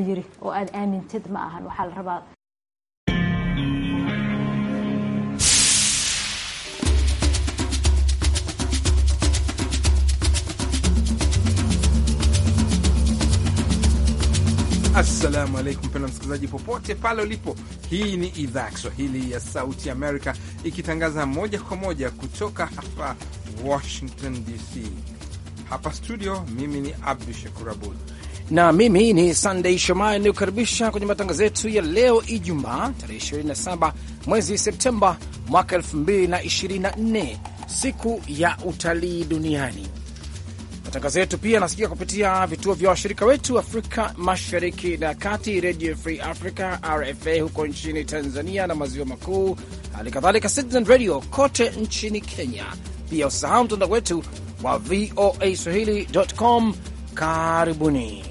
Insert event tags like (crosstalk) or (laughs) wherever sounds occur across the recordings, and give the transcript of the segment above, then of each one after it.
yiri oo aad aamintid ma ahan waxaa la rabaa Assalamu alaikum pena msikilizaji, popote pale ulipo, hii ni idhaa ya Kiswahili ya Sauti Amerika ikitangaza moja kwa moja kutoka hapa Washington DC. Hapa studio, mimi ni Abdu Shakur Abud na mimi ni Sunday Shomari nikukaribisha kwenye matangazo yetu ya leo Ijumaa tarehe 27 mwezi Septemba mwaka 2024, siku ya utalii duniani. Matangazo yetu pia yanasikika kupitia vituo vya washirika wetu Afrika Mashariki na Kati, Radio Free Africa RFA huko nchini Tanzania na maziwa makuu, hali kadhalika Citizen Radio kote nchini Kenya. Pia usahau mtandao wetu wa VOA Swahili.com. Karibuni.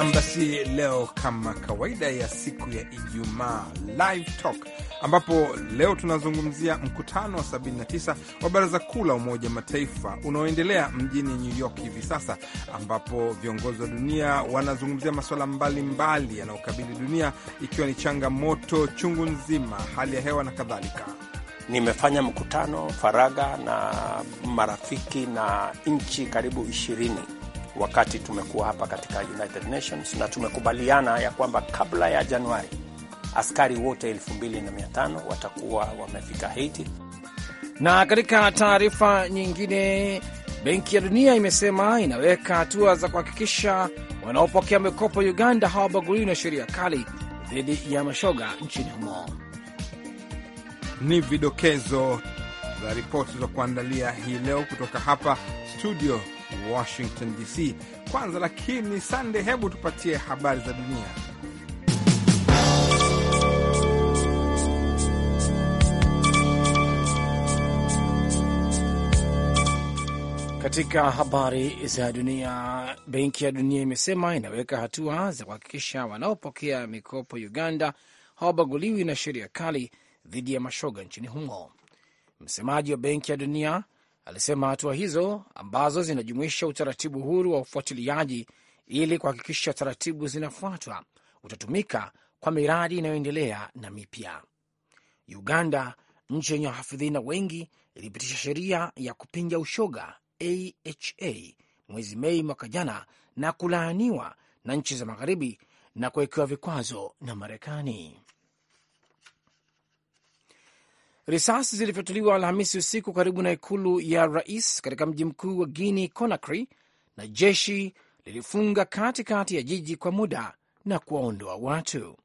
Nam, basi leo kama kawaida ya siku ya Ijumaa, Live Talk, ambapo leo tunazungumzia mkutano wa 79 wa Baraza Kuu la Umoja Mataifa unaoendelea mjini New York hivi sasa, ambapo viongozi wa dunia wanazungumzia masuala mbalimbali yanayokabili dunia, ikiwa ni changamoto chungu nzima, hali ya hewa na kadhalika. Nimefanya mkutano faraga na marafiki na nchi karibu ishirini wakati tumekuwa hapa katika United Nations na tumekubaliana ya kwamba kabla ya Januari askari wote 2500 watakuwa wamefika Haiti. Na katika taarifa nyingine, Benki ya Dunia imesema inaweka hatua za kuhakikisha wanaopokea mikopo Uganda hawabaguliwi na sheria kali dhidi ya mashoga nchini humo. Ni vidokezo za ripoti za kuandalia hii leo kutoka hapa studio Washington DC kwanza, lakini Sande, hebu tupatie habari za dunia. Katika habari za dunia, Benki ya Dunia imesema inaweka hatua za kuhakikisha wanaopokea mikopo Uganda hawabaguliwi na sheria kali dhidi ya mashoga nchini humo. Msemaji wa Benki ya Dunia Alisema hatua hizo ambazo zinajumuisha utaratibu huru wa ufuatiliaji ili kuhakikisha taratibu zinafuatwa utatumika kwa miradi inayoendelea na mipya. Uganda, nchi yenye wahafidhina wengi, ilipitisha sheria ya kupinga ushoga aha mwezi Mei mwaka jana na kulaaniwa na nchi za Magharibi na kuwekewa vikwazo na Marekani. Risasi zilifyatuliwa Alhamisi usiku karibu na ikulu ya rais katika mji mkuu wa Guinea Conakry, na jeshi lilifunga katikati kati ya jiji kwa muda na kuwaondoa watu.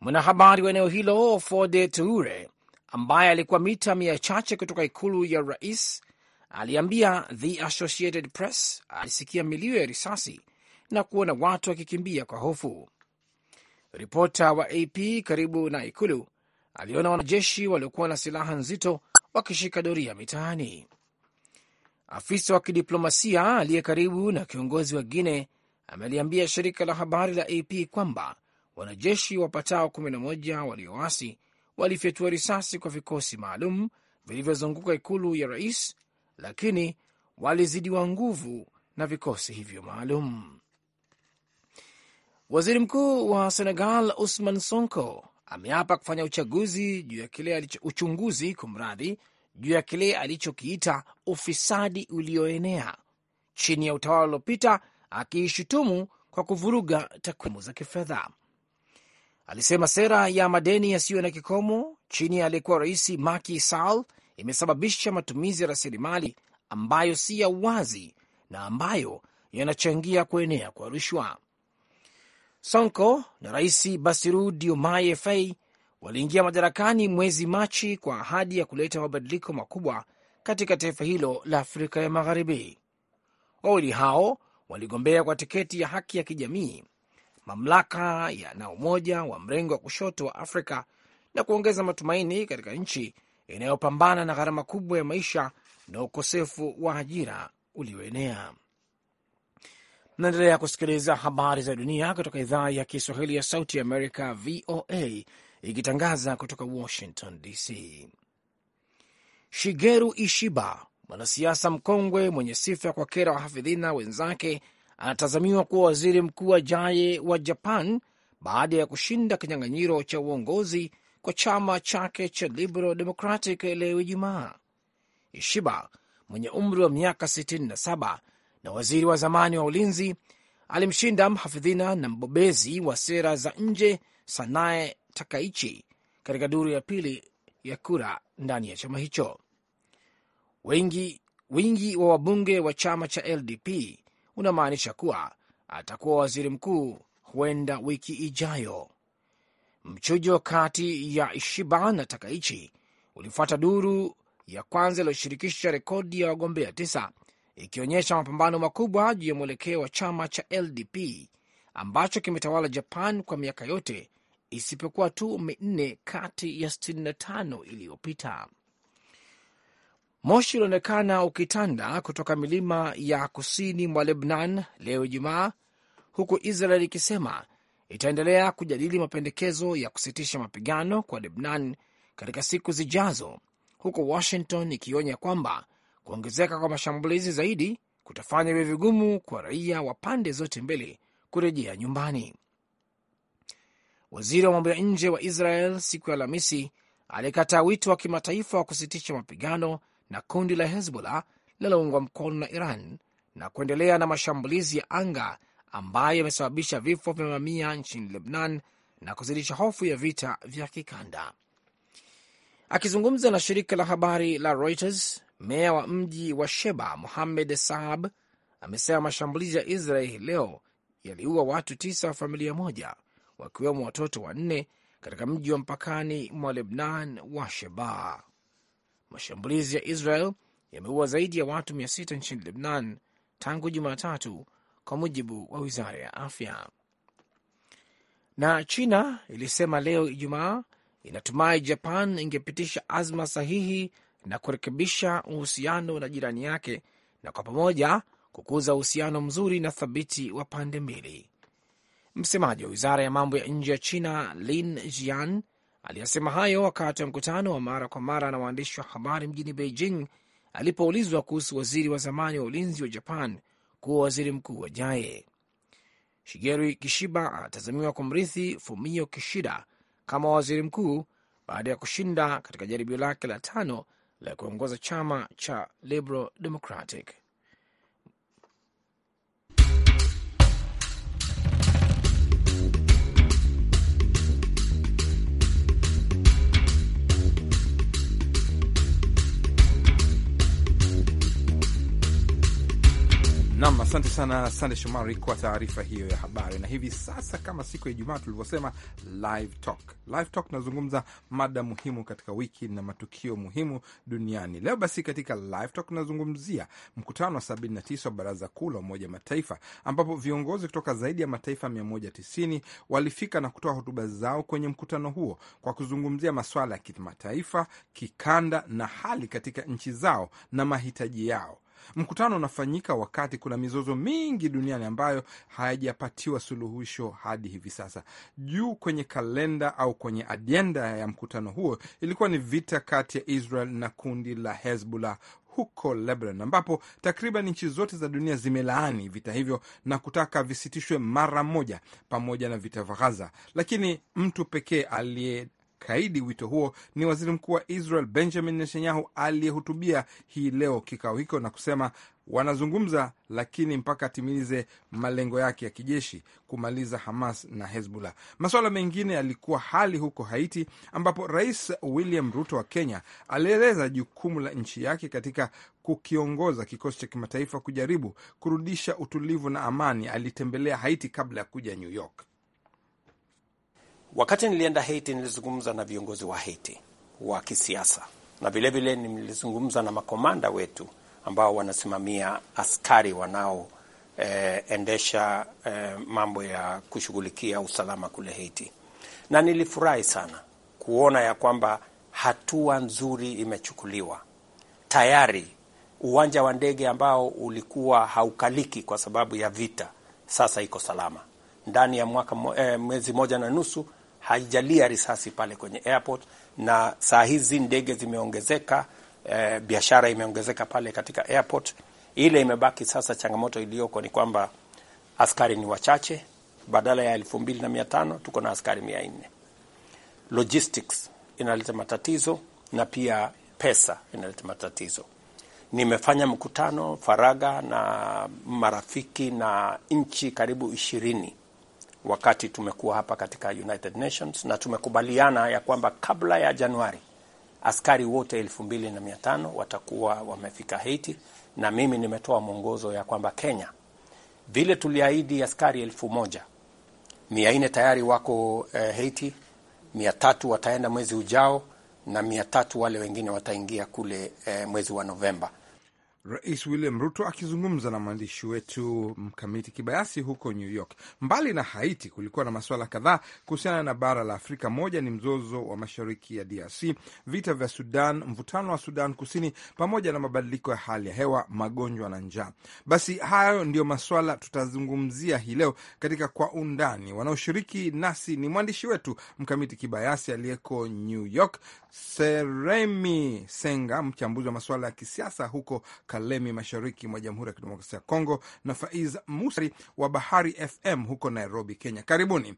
Mwanahabari wa eneo hilo Fode Toure, ambaye alikuwa mita mia chache kutoka ikulu ya rais, aliambia The Associated Press alisikia milio ya risasi na kuona watu wakikimbia kwa hofu. Ripota wa AP karibu na ikulu aliona wanajeshi waliokuwa na silaha nzito wakishika doria mitaani. Afisa wa kidiplomasia aliye karibu na kiongozi wa Guine ameliambia shirika la habari la AP kwamba wanajeshi wapatao 11 walioasi walifyatua risasi kwa vikosi maalum vilivyozunguka ikulu ya rais, lakini walizidiwa nguvu na vikosi hivyo maalum. Waziri mkuu wa Senegal Usman Sonko ameapa kufanya uchaguzi juu ya kile alicho, uchunguzi kumradhi, juu ya kile alichokiita ufisadi ulioenea chini ya utawala uliopita, akiishutumu kwa kuvuruga takwimu za kifedha. Alisema sera ya madeni yasiyo na kikomo chini ya aliyekuwa rais Macky Sall imesababisha matumizi ya rasilimali ambayo si ya uwazi na ambayo yanachangia kuenea kwa rushwa. Sonko na Rais Bassirou Diomaye Faye waliingia madarakani mwezi Machi kwa ahadi ya kuleta mabadiliko makubwa katika taifa hilo la Afrika ya Magharibi. Wawili hao waligombea kwa tiketi ya haki ya kijamii, mamlaka ya na umoja wa mrengo wa kushoto wa Afrika na kuongeza matumaini katika nchi inayopambana na gharama kubwa ya maisha na ukosefu wa ajira ulioenea. Naendelea kusikiliza habari za dunia kutoka idhaa ya Kiswahili ya Sauti ya Amerika, VOA, ikitangaza kutoka Washington DC. Shigeru Ishiba, mwanasiasa mkongwe mwenye sifa kwa kera wahafidhina wenzake, anatazamiwa kuwa waziri mkuu ajaye wa Japan baada ya kushinda kinyang'anyiro cha uongozi kwa chama chake cha Liberal Democratic leo Ijumaa. Ishiba mwenye umri wa miaka 67 na waziri wa zamani wa ulinzi, alimshinda mhafidhina na mbobezi wa sera za nje Sanae Takaichi katika duru ya pili ya kura ndani ya chama hicho. Wingi, wingi wa wabunge wa chama cha LDP unamaanisha kuwa atakuwa waziri mkuu huenda wiki ijayo. Mchujo kati ya Ishiba na Takaichi ulifuata duru ya kwanza iliyoshirikisha rekodi ya wagombea tisa ikionyesha mapambano makubwa juu ya mwelekeo wa chama cha LDP ambacho kimetawala Japan kwa miaka yote isipokuwa tu minne kati ya 65 iliyopita. Moshi ulionekana ukitanda kutoka milima ya kusini mwa Lebnan leo Ijumaa, huku Israel ikisema itaendelea kujadili mapendekezo ya kusitisha mapigano kwa Lebnan katika siku zijazo, huku Washington ikionya kwamba Kuongezeka kwa mashambulizi zaidi kutafanya iwe vigumu kwa raia wa pande zote mbili kurejea nyumbani. Waziri wa mambo ya nje wa Israel siku ya Alhamisi alikataa wito wa kimataifa wa kusitisha mapigano na kundi la Hezbollah linaloungwa mkono na Iran na kuendelea na mashambulizi ya anga ambayo yamesababisha vifo vya mamia nchini Lebanon na kuzidisha hofu ya vita vya kikanda. Akizungumza na shirika la habari la Reuters, Meya wa mji wa Sheba muhamed Saab amesema mashambulizi ya Israel leo yaliua watu tisa wa familia moja, wakiwemo watoto wanne katika mji wa mpakani mwa Lebnan wa Sheba. Mashambulizi ya Israel yameua zaidi ya watu mia sita nchini Lebnan tangu Jumatatu, kwa mujibu wa wizara ya afya. Na China ilisema leo Ijumaa inatumai Japan ingepitisha azma sahihi na kurekebisha uhusiano na jirani yake na kwa pamoja kukuza uhusiano mzuri na thabiti wa pande mbili. Msemaji wa wizara ya mambo ya nje ya China Lin Jian aliyasema hayo wakati wa mkutano wa mara kwa mara na waandishi wa habari mjini Beijing alipoulizwa kuhusu waziri wa zamani wa ulinzi wa Japan kuwa waziri mkuu wajaye. Shigeru Kishiba anatazamiwa kumrithi Fumio Kishida kama waziri mkuu baada ya kushinda katika jaribio lake la tano la kuongoza chama cha Liberal Democratic. Nam, asante sana Sande Shomari kwa taarifa hiyo ya habari. Na hivi sasa, kama siku ya Ijumaa tulivyosema, live talk. Live talk tunazungumza mada muhimu katika wiki na matukio muhimu duniani. Leo basi, katika live talk tunazungumzia mkutano wa 79 wa Baraza Kuu la Umoja Mataifa, ambapo viongozi kutoka zaidi ya mataifa 190 walifika na kutoa hotuba zao kwenye mkutano huo kwa kuzungumzia masuala ya kimataifa, kikanda na hali katika nchi zao na mahitaji yao. Mkutano unafanyika wakati kuna mizozo mingi duniani ambayo hayajapatiwa suluhisho hadi hivi sasa. Juu kwenye kalenda au kwenye ajenda ya mkutano huo ilikuwa ni vita kati ya Israel na kundi la Hezbollah huko Lebanon ambapo takriban nchi zote za dunia zimelaani vita hivyo na kutaka visitishwe mara moja, pamoja na vita vya Ghaza. Lakini mtu pekee aliye kaidi wito huo ni waziri mkuu wa Israel Benjamin Netanyahu aliyehutubia hii leo kikao hicho na kusema wanazungumza, lakini mpaka atimilize malengo yake ya kijeshi kumaliza Hamas na Hezbollah. Masuala mengine yalikuwa hali huko Haiti, ambapo Rais William Ruto wa Kenya alieleza jukumu la nchi yake katika kukiongoza kikosi cha kimataifa kujaribu kurudisha utulivu na amani. Alitembelea Haiti kabla ya kuja New York. Wakati nilienda Haiti, nilizungumza na viongozi wa Haiti wa kisiasa, na vilevile nilizungumza na makomanda wetu ambao wanasimamia askari wanaoendesha eh, e, eh, e, mambo ya kushughulikia usalama kule Haiti, na nilifurahi sana kuona ya kwamba hatua nzuri imechukuliwa tayari. Uwanja wa ndege ambao ulikuwa haukaliki kwa sababu ya vita sasa iko salama. Ndani ya mwaka eh, mwezi moja na nusu haijalia risasi pale kwenye airport, na saa hizi ndege zimeongezeka, e, biashara imeongezeka pale katika airport. Ile imebaki sasa, changamoto iliyoko ni kwamba askari ni wachache, badala ya elfu mbili na mia tano tuko na askari mia nne. Logistics inaleta matatizo na pia pesa inaleta matatizo. Nimefanya mkutano faraga na marafiki na nchi karibu ishirini wakati tumekuwa hapa katika United Nations na tumekubaliana ya kwamba kabla ya Januari askari wote elfu mbili na mia tano watakuwa wamefika Haiti, na mimi nimetoa mwongozo ya kwamba Kenya vile tuliahidi askari elfu moja mia nne tayari wako eh, Haiti, mia tatu wataenda mwezi ujao na mia tatu wale wengine wataingia kule eh, mwezi wa Novemba. Rais William Ruto akizungumza na mwandishi wetu Mkamiti Kibayasi huko New York. Mbali na Haiti, kulikuwa na masuala kadhaa kuhusiana na bara la Afrika. Moja ni mzozo wa mashariki ya DRC, vita vya Sudan, mvutano wa Sudan Kusini, pamoja na mabadiliko ya hali ya hewa, magonjwa na njaa. Basi hayo ndiyo maswala tutazungumzia hii leo katika Kwa Undani. Wanaoshiriki nasi ni mwandishi wetu Mkamiti Kibayasi aliyeko New York, Seremi Senga, mchambuzi wa masuala ya kisiasa huko Kalemi, mashariki mwa Jamhuri ya Kidemokrasia ya Kongo, na Faiz Musari wa Bahari FM huko Nairobi, Kenya. Karibuni.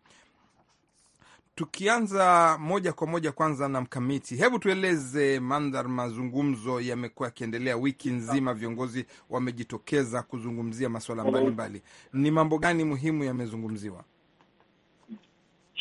Tukianza moja kwa moja kwanza na Mkamiti, hebu tueleze mandhari. Mazungumzo yamekuwa yakiendelea wiki nzima, viongozi wamejitokeza kuzungumzia masuala mbalimbali. Ni mambo gani muhimu yamezungumziwa?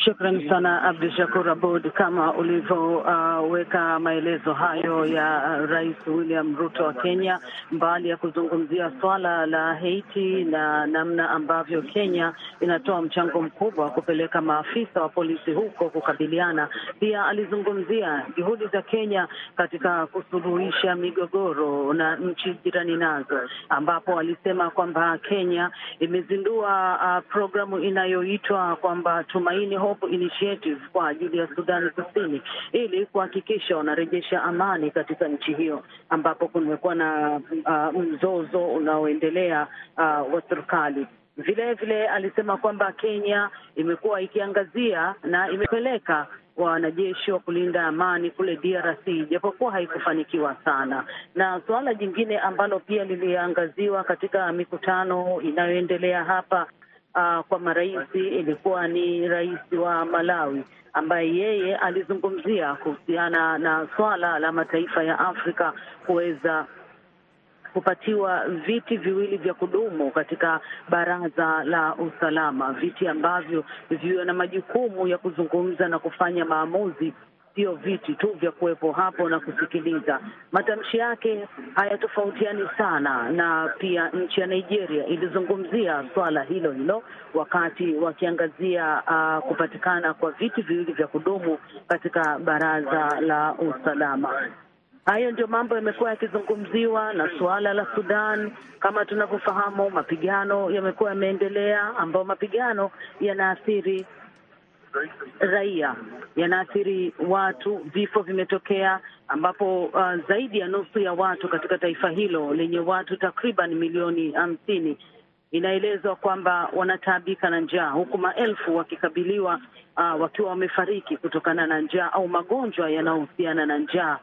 Shukran sana Abdu Shakur Abud, kama ulivyoweka uh, maelezo hayo ya uh, Rais William Ruto wa Kenya, mbali ya kuzungumzia swala la Haiti na namna ambavyo Kenya inatoa mchango mkubwa wa kupeleka maafisa wa polisi huko kukabiliana, pia alizungumzia juhudi za Kenya katika kusuluhisha migogoro na nchi jirani nazo, ambapo alisema kwamba Kenya imezindua uh, programu inayoitwa kwamba Tumaini Hope Initiative kwa ajili ya Sudani Kusini ili kuhakikisha wanarejesha amani katika nchi hiyo ambapo kumekuwa na uh, mzozo unaoendelea uh, wa serikali. Vile vile alisema kwamba Kenya imekuwa ikiangazia na imepeleka wanajeshi wa kulinda amani kule DRC ijapokuwa haikufanikiwa sana. Na suala jingine ambalo pia liliangaziwa katika mikutano inayoendelea hapa uh, kwa marais ilikuwa ni rais wa Malawi ambaye yeye alizungumzia kuhusiana na swala la mataifa ya Afrika kuweza kupatiwa viti viwili vya kudumu katika baraza la usalama, viti ambavyo viwe na majukumu ya kuzungumza na kufanya maamuzi sio viti tu vya kuwepo hapo na kusikiliza. Matamshi yake hayatofautiani sana, na pia nchi ya Nigeria ilizungumzia swala hilo hilo wakati wakiangazia uh, kupatikana kwa viti viwili vya kudumu katika baraza la usalama. Hayo ndio mambo yamekuwa yakizungumziwa na suala la Sudan. Kama tunavyofahamu, mapigano yamekuwa yameendelea, ambayo mapigano yanaathiri raia, yanaathiri watu. Vifo vimetokea ambapo uh, zaidi ya nusu ya watu katika taifa hilo lenye watu takriban milioni hamsini inaelezwa kwamba wanataabika na njaa, huku maelfu wakikabiliwa uh, wakiwa wamefariki kutokana na njaa au magonjwa yanayohusiana na njaa.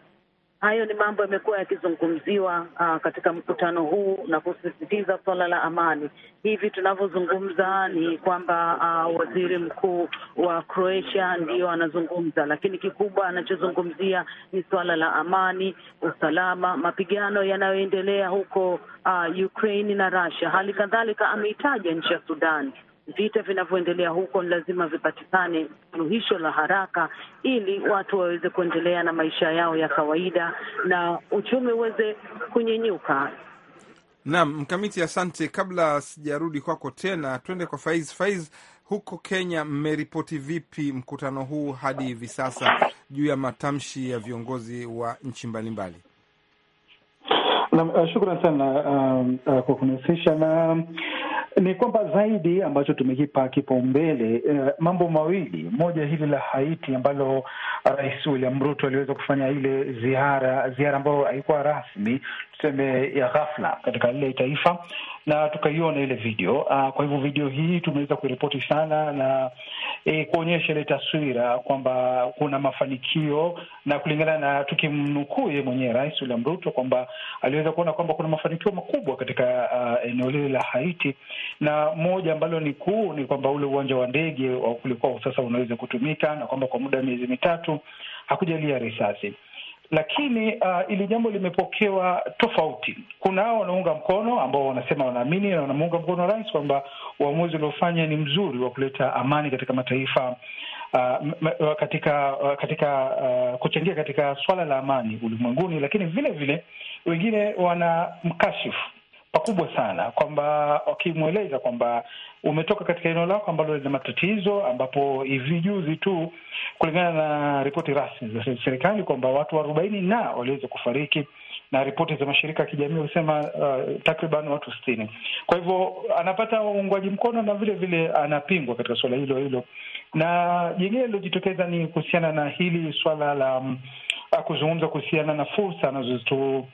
Hayo ni mambo yamekuwa yakizungumziwa uh, katika mkutano huu na kusisitiza suala la amani. Hivi tunavyozungumza ni kwamba uh, waziri mkuu wa Croatia ndiyo anazungumza, lakini kikubwa anachozungumzia ni suala la amani, usalama, mapigano yanayoendelea huko uh, Ukraine na Russia. Hali kadhalika ameitaja nchi ya Sudan vita vinavyoendelea huko, ni lazima vipatikane suluhisho la haraka, ili watu waweze kuendelea na maisha yao ya kawaida na uchumi uweze kunyenyuka. Naam, Mkamiti, asante. Kabla sijarudi kwako tena, twende kwa Faiz. Faiz, huko Kenya mmeripoti vipi mkutano huu hadi hivi sasa juu ya matamshi ya viongozi wa nchi mbalimbali? Naam, uh, shukran sana um, uh, kwa kunihusisha na ni kwamba zaidi ambacho tumekipa kipaumbele e, mambo mawili, moja hili la Haiti ambalo eh, Rais William Ruto aliweza kufanya ile ziara ziara ambayo haikuwa rasmi, tuseme ya ghafla katika lile taifa, na tukaiona ile video uh, kwa hivyo video hii tumeweza kuiripoti sana na e, kuonyesha ile taswira kwamba kuna mafanikio, na kulingana na tukimnukuu yeye mwenyewe Rais William Ruto kwamba aliweza kuona kwamba kuna mafanikio makubwa katika uh, eneo lile la Haiti, na moja ambalo ni kuu ni kwamba ule uwanja wa ndege kulikuwa sasa unaweza kutumika, na kwamba kwa muda wa miezi mitatu hakujalia risasi lakini uh, ili jambo limepokewa tofauti. Kuna hao wanaunga mkono ambao wanasema wanaamini na wanamuunga mkono rais kwamba uamuzi uliofanya ni mzuri wa kuleta amani katika mataifa uh, uh, katika uh, katika uh, kuchangia katika swala la amani ulimwenguni, lakini vile vile wengine wana mkashifu pakubwa sana, kwamba wakimweleza kwamba umetoka katika eneo lako ambalo lina matatizo, ambapo hivi juzi tu, kulingana na ripoti rasmi za serikali, kwamba watu arobaini na waliweza kufariki na ripoti za mashirika ya kijamii husema uh, takriban watu sitini. Kwa hivyo anapata uungwaji mkono na vile vile anapingwa katika suala hilo hilo, na jingine lilojitokeza ni kuhusiana na hili swala la mm, kuzungumza kuhusiana na fursa anazozitu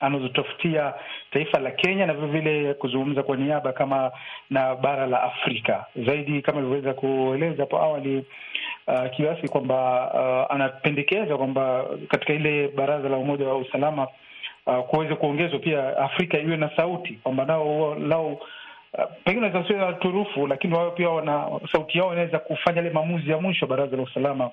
anazotafutia taifa la Kenya na vilevile kuzungumza kwa niaba kama na bara la Afrika zaidi, kama ilivyoweza kueleza hapo awali uh, kiasi kwamba uh, anapendekeza kwamba katika ile baraza la Umoja wa Usalama uh, kuweze kuongezwa pia Afrika iwe na sauti kwamba nao lao uh, pengine asiwe na turufu lakini wao pia wana sauti yao inaweza kufanya ile maamuzi ya mwisho baraza la usalama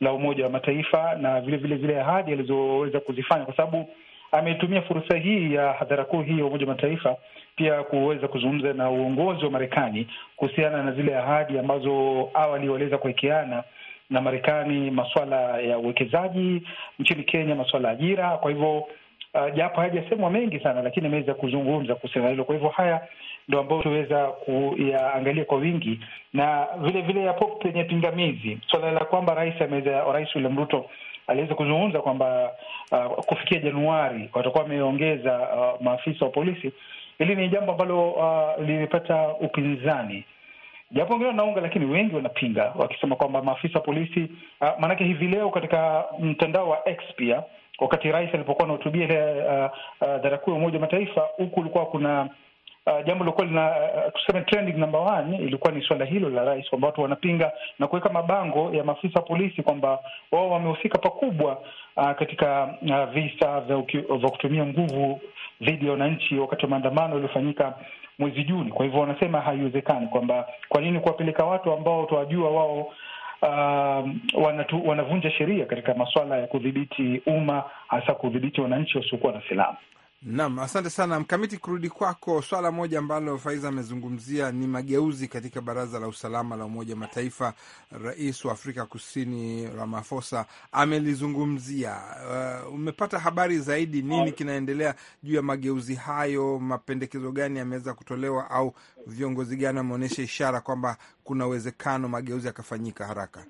la Umoja wa Mataifa na vile vile zile ahadi alizoweza kuzifanya, kwa sababu ametumia fursa hii ya hadhara kuu hii ya Umoja wa Mataifa pia kuweza kuzungumza na uongozi wa Marekani kuhusiana na zile ahadi ambazo awali waliweza kuwekeana na Marekani, maswala ya uwekezaji nchini Kenya, maswala ya ajira. Kwa hivyo uh, japo uh, hayajasemwa mengi sana, lakini ameweza kuzungumza kuhusiana na hilo. Kwa hivyo haya ndo ambao tuweza kuyaangalia kwa wingi, na vile vile yapo penye pingamizi swala so, la kwamba rais ameweza, Rais William Ruto aliweza kuzungumza kwamba uh, kufikia Januari watakuwa wameongeza uh, maafisa wa polisi. Hili ni jambo ambalo uh, lilipata upinzani japo wengine wanaunga lakini wengi wanapinga wakisema kwamba maafisa wa polisi uh, maanake hivi leo katika mtandao wa X pia, wakati rais alipokuwa anahutubia ile uh, uh, dara kuu ya Umoja wa Mataifa, huku ulikuwa kuna uh, jambo lilikuwa lina uh, uh, tuseme trending number one ilikuwa ni swala hilo la rais, kwamba watu wanapinga na kuweka mabango ya maafisa polisi kwamba wao wamehusika pakubwa uh, katika uh, visa vya kutumia nguvu dhidi ya wananchi wakati wa maandamano yaliyofanyika mwezi Juni. Kwa hivyo wanasema haiwezekani kwamba kwa nini kuwapeleka watu ambao tuwajua wao Uh, wanatu, wanavunja sheria katika masuala ya kudhibiti umma hasa kudhibiti wananchi wasiokuwa na silaha. Naam, asante sana Mkamiti. Kurudi kwako, swala moja ambalo Faiza amezungumzia ni mageuzi katika Baraza la Usalama la Umoja wa Mataifa. Rais wa Afrika Kusini Ramaphosa amelizungumzia. Uh, umepata habari zaidi, nini kinaendelea juu ya mageuzi hayo? Mapendekezo gani yameweza kutolewa, au viongozi gani wameonyesha ishara kwamba kuna uwezekano mageuzi yakafanyika haraka?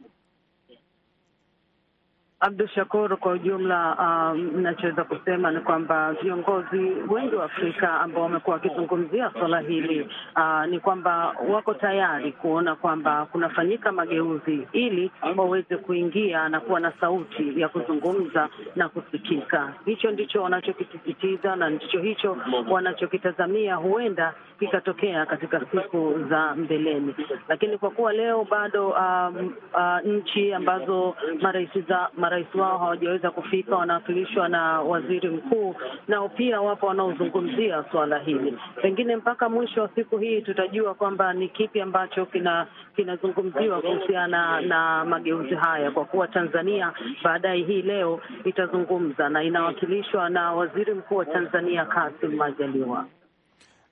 Abdu Shakur, kwa ujumla nachoweza um, kusema ni kwamba viongozi wengi wa Afrika ambao wamekuwa wakizungumzia swala hili uh, ni kwamba wako tayari kuona kwamba kunafanyika mageuzi ili waweze kuingia na kuwa na sauti ya kuzungumza na kusikika. Hicho ndicho wanachokisisitiza na ndicho hicho wanachokitazamia, huenda kikatokea katika siku za mbeleni, lakini kwa kuwa leo bado um, uh, nchi ambazo marais za marais wao hawajaweza kufika, wanawakilishwa na waziri mkuu. Nao pia wapo wanaozungumzia suala hili. Pengine mpaka mwisho wa siku hii tutajua kwamba ni kipi ambacho kina kinazungumziwa kuhusiana na mageuzi haya, kwa kuwa Tanzania baadaye hii leo itazungumza na inawakilishwa na waziri mkuu wa Tanzania Kassim Majaliwa.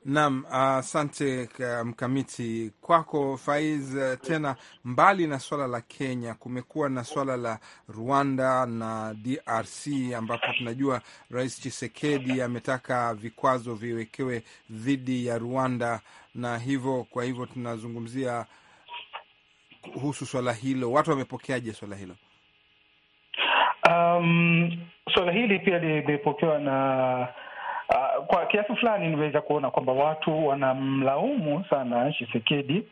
Naam, asante uh, mkamiti kwako Faiz. Uh, tena mbali na swala la Kenya, kumekuwa na swala la Rwanda na DRC ambapo tunajua Rais Chisekedi ametaka vikwazo viwekewe dhidi ya Rwanda, na hivyo kwa hivyo tunazungumzia kuhusu swala hilo, watu wamepokeaje swala hilo? Um, swala hili pia limepokewa na Uh, kwa kiasi fulani niweza kuona kwamba watu wanamlaumu sana Shisekedi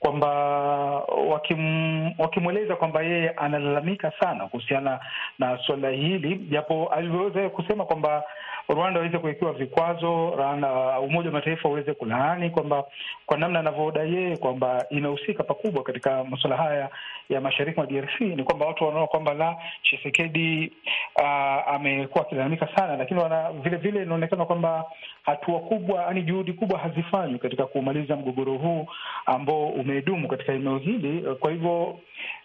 kwamba wakim, wakimweleza kwamba yeye analalamika sana kuhusiana na suala hili, japo alivyoweza kusema kwamba Rwanda aweze kuwekewa vikwazo na Umoja wa Mataifa uweze kulaani kwamba kwa namna anavyodai yeye kwamba inahusika pakubwa katika masuala haya ya mashariki mwa DRC, ni kwamba watu wanaona kwamba la Chisekedi uh, ah, amekuwa akilalamika sana, lakini wana, vile vile inaonekana kwamba hatua kubwa, yani juhudi kubwa hazifanywi katika kumaliza mgogoro huu ambao umedumu katika eneo hili. Kwa hivyo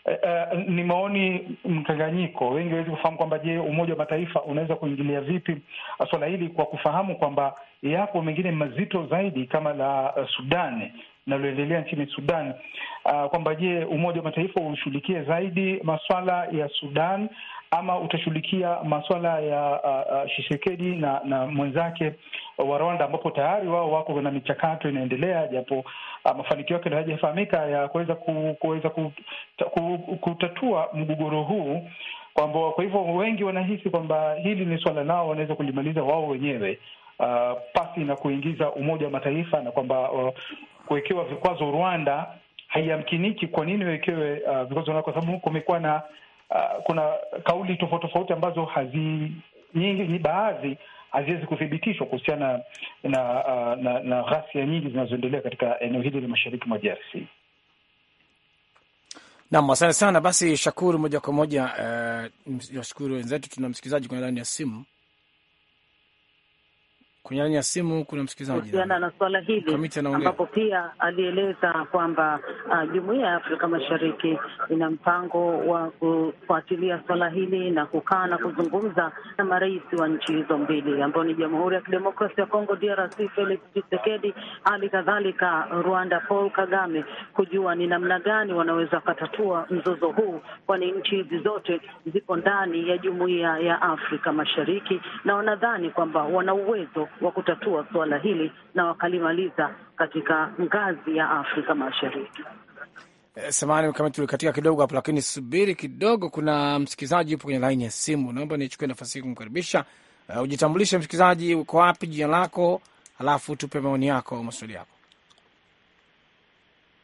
Uh, ni maoni mkanganyiko. Wengi wawezi kufahamu kwamba je, Umoja wa Mataifa unaweza kuingilia vipi uh, swala hili kwa kufahamu kwamba yapo mengine mazito zaidi kama la uh, Sudani linaloendelea nchini Sudan, uh, kwamba je, Umoja wa Mataifa ushughulikie zaidi maswala ya Sudan ama utashughulikia masuala ya uh, uh, na na mwenzake wa Rwanda, ambapo tayari wao wako na michakato inaendelea, japo uh, mafanikio yake ndo hayajafahamika ya kuweza ku, kuweza ku, ku, kutatua mgogoro huu kwamba kwa hivyo wengi wanahisi kwamba hili ni suala lao wanaweza kulimaliza wao wenyewe uh, pasi na kuingiza Umoja wa Mataifa na kwamba uh, kuwekewa vikwazo Rwanda haiamkiniki. Kwa nini wekewe uh, vikwazo Kwa sababu kumekuwa na uh, kuna kauli tofauti tofauti ambazo hazi nyingi ni baadhi haziwezi kuthibitishwa kuhusiana na uh, na, na ghasia nyingi zinazoendelea katika eneo hili la mashariki mwa DRC. Nam, asante sana. Basi Shakuru, moja kwa moja washukuru eh, wenzetu. Tuna msikilizaji kwenye laini ya simu kunyanya simu. Kuna msikilizaji kuhusiana na swala hili ambapo pia alieleza kwamba uh, jumuiya ya Afrika Mashariki ina mpango wa kufuatilia swala hili na kukaa na kuzungumza na marais wa nchi hizo mbili ambao ni Jamhuri ya Kidemokrasia ya Kongo DRC Felix Tshisekedi, hali kadhalika Rwanda Paul Kagame, kujua ni namna gani wanaweza wakatatua mzozo huu, kwani nchi hizi zote zipo ndani ya jumuiya ya Afrika Mashariki na wanadhani kwamba wana uwezo wa kutatua suala hili na wakalimaliza katika ngazi ya Afrika Mashariki. Eh, samahani kama tulikatika kidogo hapo, lakini subiri kidogo, kuna msikilizaji yupo kwenye laini ya simu. Naomba nichukue nafasi hii kumkaribisha. Uh, ujitambulishe msikilizaji, uko wapi, jina lako, halafu tupe maoni yako au maswali yako.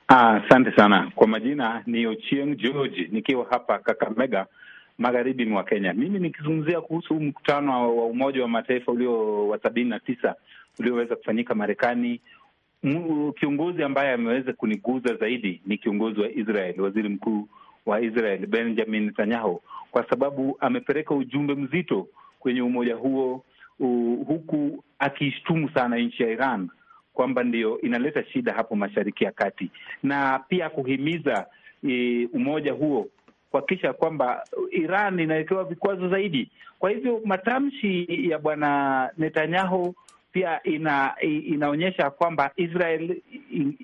Ah, asante ah, sana. Kwa majina ni Ochieng George nikiwa hapa Kakamega magharibi mwa Kenya. Mimi nikizungumzia kuhusu mkutano wa Umoja wa Mataifa ulio wa sabini na tisa ulioweza kufanyika Marekani, kiongozi ambaye ameweza kuniguza zaidi ni kiongozi wa Israel, waziri mkuu wa Israel Benjamin Netanyahu, kwa sababu amepeleka ujumbe mzito kwenye umoja huo uh, huku akishtumu sana nchi ya Iran kwamba ndiyo inaleta shida hapo Mashariki ya Kati na pia kuhimiza uh, umoja huo kuhakikisha kwamba Iran inawekewa vikwazo zaidi. Kwa hivyo matamshi ya bwana Netanyahu pia ina, inaonyesha kwamba Israel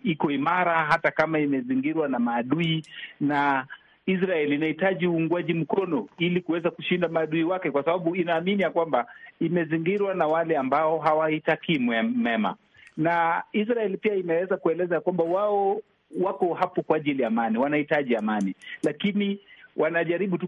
iko imara hata kama imezingirwa na maadui na Israel inahitaji uungwaji mkono ili kuweza kushinda maadui wake, kwa sababu inaamini ya kwamba imezingirwa na wale ambao hawahitaki mema. Na Israel pia imeweza kueleza kwamba wao wako hapo kwa ajili ya amani, wanahitaji amani, lakini wanajaribu tu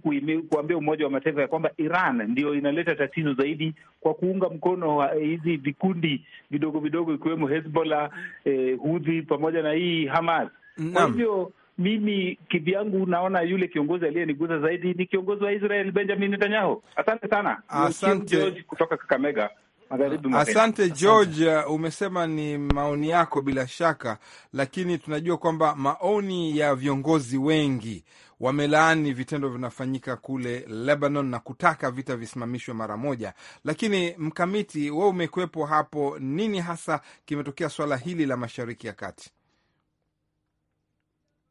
kuambia Umoja wa Mataifa ya kwamba Iran ndio inaleta tatizo zaidi kwa kuunga mkono eh, hizi vikundi vidogo vidogo ikiwemo Hezbollah, eh, Houthi pamoja na hii Hamas. Kwa hivyo mimi kivyangu naona yule kiongozi aliyenigusa zaidi ni kiongozi wa Israel Benjamin Netanyahu. Asante sana. Asante. Kutoka Kakamega magharibi mwa Asante George, umesema ni maoni yako bila shaka, lakini tunajua kwamba maoni ya viongozi wengi wamelaani vitendo vinafanyika kule Lebanon na kutaka vita visimamishwe mara moja. Lakini Mkamiti, we umekuwepo hapo, nini hasa kimetokea swala hili la Mashariki ya Kati?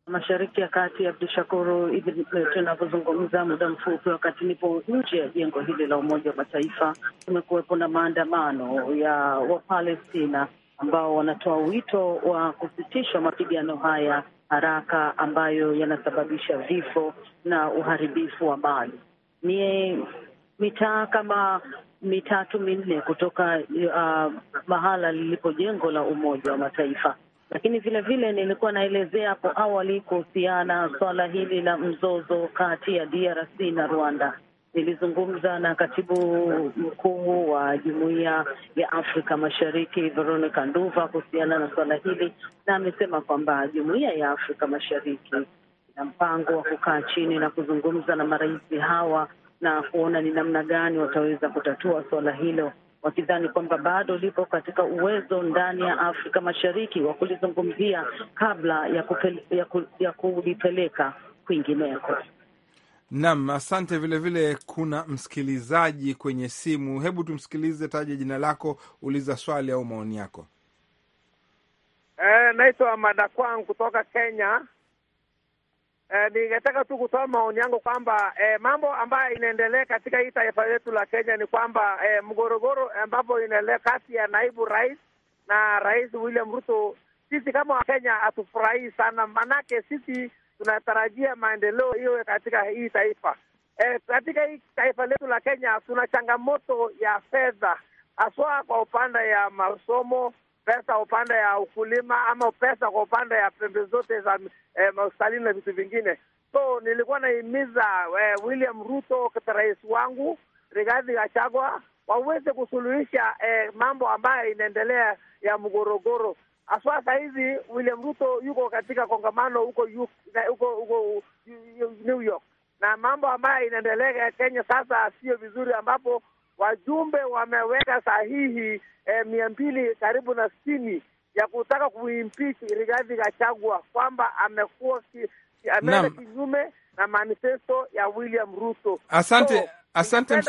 Mashariki ya Kati, Abdu Shakuru, hivi tunavyozungumza muda mfupi, wakati nipo nje ya jengo hili la Umoja wa Mataifa, kumekuwepo na maandamano ya Wapalestina ambao wanatoa wito wa kusitisha mapigano haya haraka ambayo yanasababisha vifo na uharibifu wa mali. Ni mitaa kama mitatu minne kutoka uh, mahala lilipo jengo la Umoja wa Mataifa lakini vile vile nilikuwa naelezea hapo awali kuhusiana swala hili la mzozo kati ya DRC na Rwanda. Nilizungumza na katibu mkuu wa jumuiya ya Afrika Mashariki Veronica Nduva kuhusiana na swala hili, na amesema kwamba jumuiya ya Afrika Mashariki ina mpango wa kukaa chini na kuzungumza na marais hawa na kuona ni namna gani wataweza kutatua swala hilo wakidhani kwamba bado lipo katika uwezo ndani ya Afrika Mashariki wa kulizungumzia kabla ya, ya, ku, ya kulipeleka kwingineko. Naam, asante. Vilevile kuna msikilizaji kwenye simu, hebu tumsikilize. Taja jina lako, uliza swali au maoni yako. Eh, naitwa Madakwan kutoka Kenya eh, ningetaka tu kutoa maoni yangu kwamba eh, mambo ambayo inaendelea katika hii taifa letu la Kenya ni kwamba eh, mgorogoro ambapo inaendelea kati ya naibu rais na rais William Ruto, sisi kama Wakenya hatufurahii sana, manake sisi tunatarajia maendeleo hiyo katika hii taifa eh, katika hii taifa letu la Kenya tuna changamoto ya fedha, haswa kwa upande ya masomo, pesa upande ya ukulima, ama pesa kwa upande ya pembe zote za eh, mahospitalini na vitu vingine. So nilikuwa nahimiza eh, William Ruto kata rais wangu Rigathi Gachagua waweze kusuluhisha eh, mambo ambayo inaendelea ya mgorogoro haswa saa hizi. William Ruto yuko katika kongamano huko eh, huko New York na mambo ambayo inaendelea Kenya sasa sio vizuri, ambapo wajumbe wameweka sahihi eh, mia mbili karibu na sitini ya kutaka kuimpeach Rigathi Gachagua kwamba amekuwa ameenda kinyume na manifesto ya William Ruto. Asante, so, asante.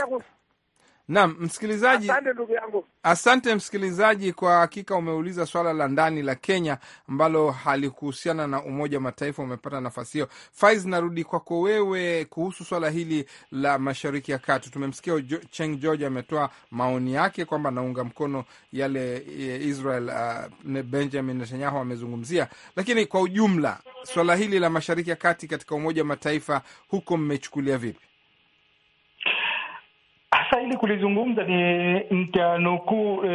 Naam, msikilizaji, asante ndugu yangu. Asante msikilizaji, kwa hakika umeuliza swala la ndani la Kenya ambalo halikuhusiana na Umoja wa Mataifa, umepata nafasi hiyo. Faiz, narudi kwako wewe kuhusu swala hili la Mashariki ya Kati. Tumemsikia Cheng George ametoa maoni yake kwamba anaunga mkono yale e, Israel uh, Benjamin Netanyahu amezungumzia, lakini kwa ujumla swala hili la Mashariki ya Kati katika Umoja wa Mataifa, huko mmechukulia vipi? Sasa ili kulizungumza ni nitanukuu uh,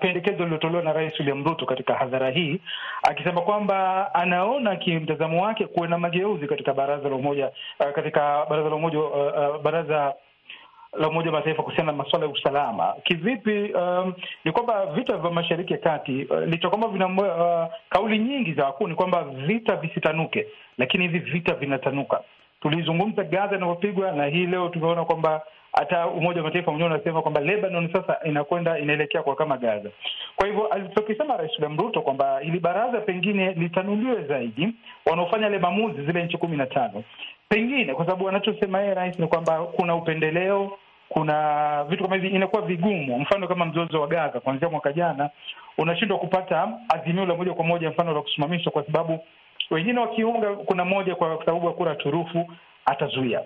pendekezo lililotolewa na Rais William Ruto katika hadhara hii akisema kwamba anaona kimtazamo wake kuwe na mageuzi katika baraza la umoja uh, katika baraza la umoja uh, uh, baraza la Umoja wa Mataifa kuhusiana na masuala ya usalama. Kivipi? Um, ni kwamba vita vya Mashariki ya Kati uh, licha kwamba vina uh, kauli nyingi za wakuu ni kwamba vita visitanuke, lakini hivi vita vinatanuka. Tulizungumza Gaza inavyopigwa na hii leo tumeona kwamba hata Umoja wa Mataifa mwenyewe unasema kwamba Lebanon sasa inakwenda inaelekea kwa kama Gaza. Kwa hivyo alichokisema Rais William Ruto kwamba hili baraza pengine litanuliwe zaidi, wanaofanya yale maamuzi, zile nchi kumi na tano pengine, kwa sababu anachosema yeye rais ni kwamba kuna upendeleo, kuna vitu kama hivi, inakuwa vigumu. Mfano kama mzozo wa Gaza kuanzia mwaka jana unashindwa kupata azimio la moja kwa moja, mfano la kusimamishwa, kwa sababu wengine wakiunga, kuna moja kwa sababu ya kura turufu atazuia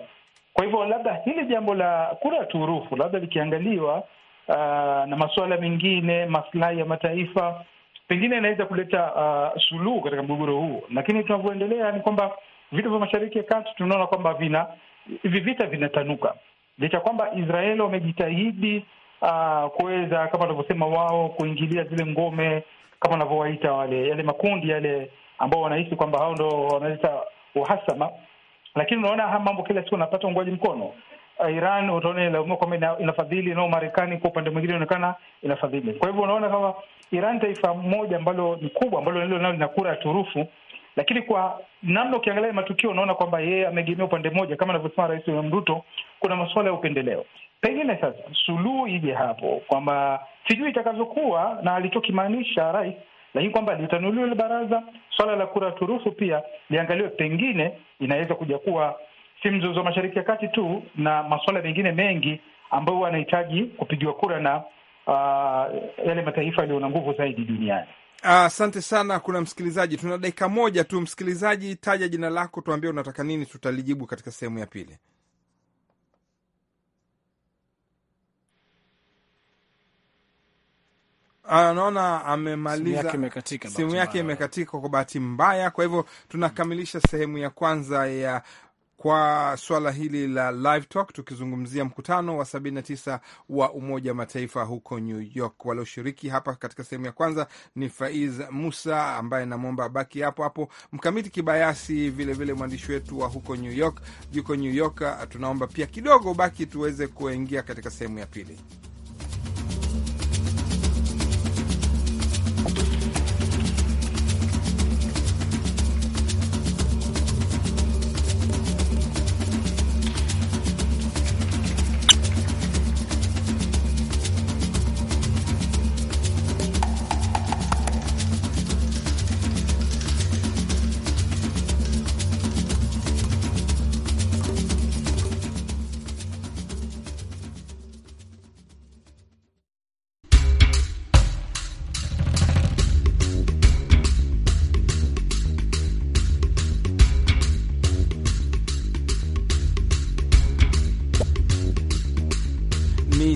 kwa hivyo labda hili jambo la kura turufu labda likiangaliwa uh, na masuala mengine, maslahi ya mataifa, pengine inaweza kuleta uh, suluhu katika mgogoro huu, lakini tunavyoendelea ni kwamba vita vya Mashariki ya Kati tunaona kwamba vina hivi vita vinatanuka, licha kwamba Israel wamejitahidi uh, kuweza kama wanavyosema wao kuingilia zile ngome kama wanavyowaita wale yale makundi yale ambao wanahisi kwamba hao ndo wanaleta uhasama lakini unaona haya mambo kila siku anapata ungwaji mkono. Eh, Iran utaona inalaumiwa kwamba inafadhili, nao Marekani kwa upande mwingine inaonekana inafadhili. Kwa hivyo unaona kama Iran taifa moja ambalo ni kubwa ambalo lilo nalo lina kura ya turufu, lakini kwa namna ukiangalia matukio unaona kwamba yeye ameegemea upande mmoja, kama anavyosema Rais William Ruto, kuna masuala ya upendeleo. Pengine sasa suluhu ije hapo kwamba sijui itakavyokuwa na alichokimaanisha rais lakini kwamba litanuliwa ile baraza. Swala la kura turufu pia liangaliwe, pengine inaweza kuja kuwa si mzozo wa Mashariki ya Kati tu na masuala mengine mengi ambayo huwa anahitaji kupigiwa kura na uh, yale mataifa yaliyo na nguvu zaidi duniani. Asante uh, sana. Kuna msikilizaji, tuna dakika moja tu. Msikilizaji, taja jina lako, tuambie unataka nini, tutalijibu katika sehemu ya pili. anaona amemaliza, simu yake imekatika kwa bahati mbaya. Kwa hivyo tunakamilisha sehemu ya kwanza ya kwa swala hili la live talk tukizungumzia mkutano wa 79 wa Umoja wa Mataifa huko New York. Walioshiriki hapa katika sehemu ya kwanza ni Faiz Musa ambaye namwomba baki hapo hapo, Mkamiti Kibayasi vilevile mwandishi wetu wa huko New York, yuko New York. Tunaomba pia kidogo baki tuweze kuingia katika sehemu ya pili.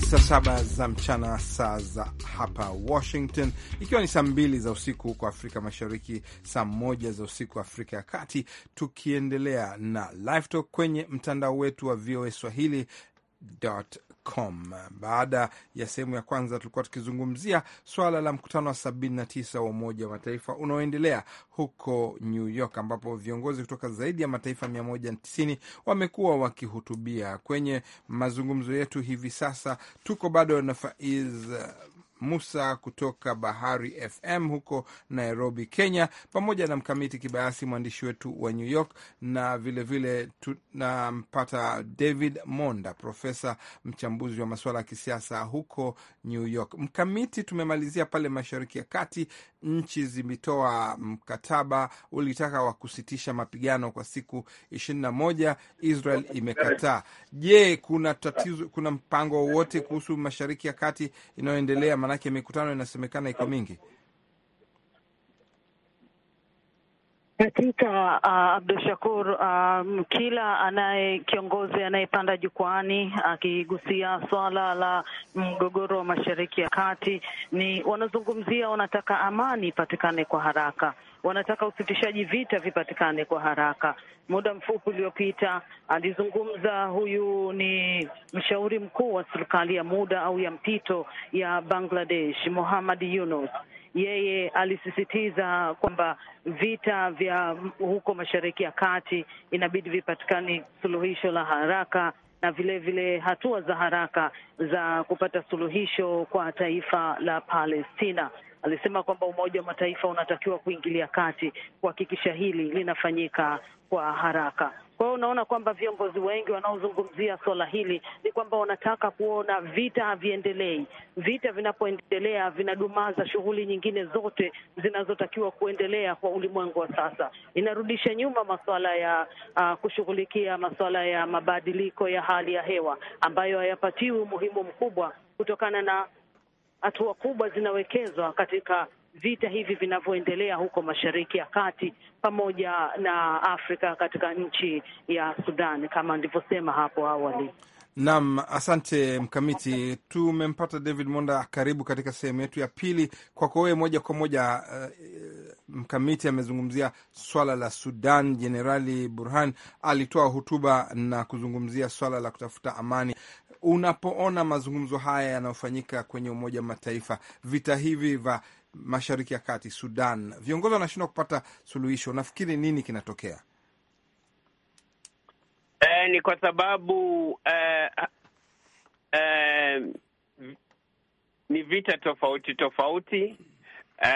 saa saba za mchana, saa za hapa Washington, ikiwa ni saa mbili za usiku huko Afrika Mashariki, saa moja za usiku Afrika ya Kati, tukiendelea na Live Talk kwenye mtandao wetu wa VOA Swahili com. Baada ya sehemu ya kwanza, tulikuwa tukizungumzia swala la mkutano wa 79 wa Umoja wa Mataifa unaoendelea huko New York, ambapo viongozi kutoka zaidi ya mataifa 190 wamekuwa wakihutubia. Kwenye mazungumzo yetu hivi sasa tuko bado na Faiz Musa kutoka Bahari FM huko Nairobi, Kenya, pamoja na Mkamiti Kibayasi, mwandishi wetu wa New York, na vilevile tunampata David Monda, profesa mchambuzi wa masuala ya kisiasa huko New York. Mkamiti, tumemalizia pale Mashariki ya Kati, nchi zimetoa mkataba ulitaka wa kusitisha mapigano kwa siku ishirini na moja. Israel imekataa. Je, kuna tatizo, kuna mpango wowote kuhusu Mashariki ya Kati inayoendelea maanake mikutano inasemekana iko mingi Hakika uh, Abdu Shakur, uh, kila anaye kiongozi anayepanda jukwani akigusia uh, swala la mgogoro wa mashariki ya kati, ni wanazungumzia wanataka amani ipatikane kwa haraka, wanataka usitishaji vita vipatikane kwa haraka. Muda mfupi uliopita alizungumza huyu ni mshauri mkuu wa serikali ya muda au ya mpito ya Bangladesh, muhamad Yunus. Yeye alisisitiza kwamba vita vya huko Mashariki ya Kati inabidi vipatikane suluhisho la haraka na vilevile vile hatua za haraka za kupata suluhisho kwa taifa la Palestina. Alisema kwamba Umoja wa Mataifa unatakiwa kuingilia kati kuhakikisha hili linafanyika kwa haraka. Kwa hiyo unaona kwamba viongozi wengi wanaozungumzia swala hili ni kwamba wanataka kuona vita haviendelei. Vita vinapoendelea vinadumaza shughuli nyingine zote zinazotakiwa kuendelea kwa ulimwengu wa sasa, inarudisha nyuma masuala ya uh, kushughulikia masuala ya mabadiliko ya hali ya hewa ambayo hayapatiwi umuhimu mkubwa kutokana na hatua kubwa zinawekezwa katika vita hivi vinavyoendelea huko Mashariki ya Kati pamoja na Afrika katika nchi ya Sudan kama nilivyosema hapo awali. Naam, asante Mkamiti. Tumempata David Monda. Karibu katika sehemu yetu ya pili, kwako wewe moja kwa moja. Uh, Mkamiti amezungumzia swala la Sudan. Jenerali Burhan alitoa hotuba na kuzungumzia swala la kutafuta amani unapoona mazungumzo haya yanayofanyika kwenye Umoja wa Mataifa, vita hivi vya Mashariki ya Kati, Sudan, viongozi wanashindwa kupata suluhisho, nafikiri nini kinatokea? E, ni kwa sababu e, e, ni vita tofauti tofauti e,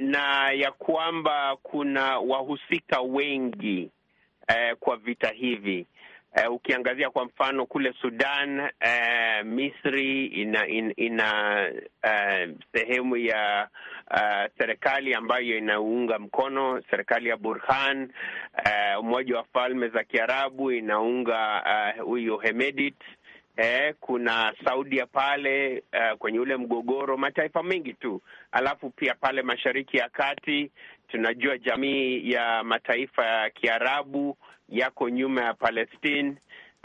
na ya kwamba kuna wahusika wengi e, kwa vita hivi Uh, ukiangazia kwa mfano kule Sudan, uh, Misri ina in, ina uh, sehemu ya uh, serikali ambayo inaunga mkono serikali ya Burhan. Uh, Umoja wa Falme za Kiarabu inaunga huyu uh, Hemedit. Eh, kuna Saudia pale uh, kwenye ule mgogoro, mataifa mengi tu. Alafu pia pale Mashariki ya Kati tunajua jamii ya mataifa ya Kiarabu yako nyuma ya Palestine.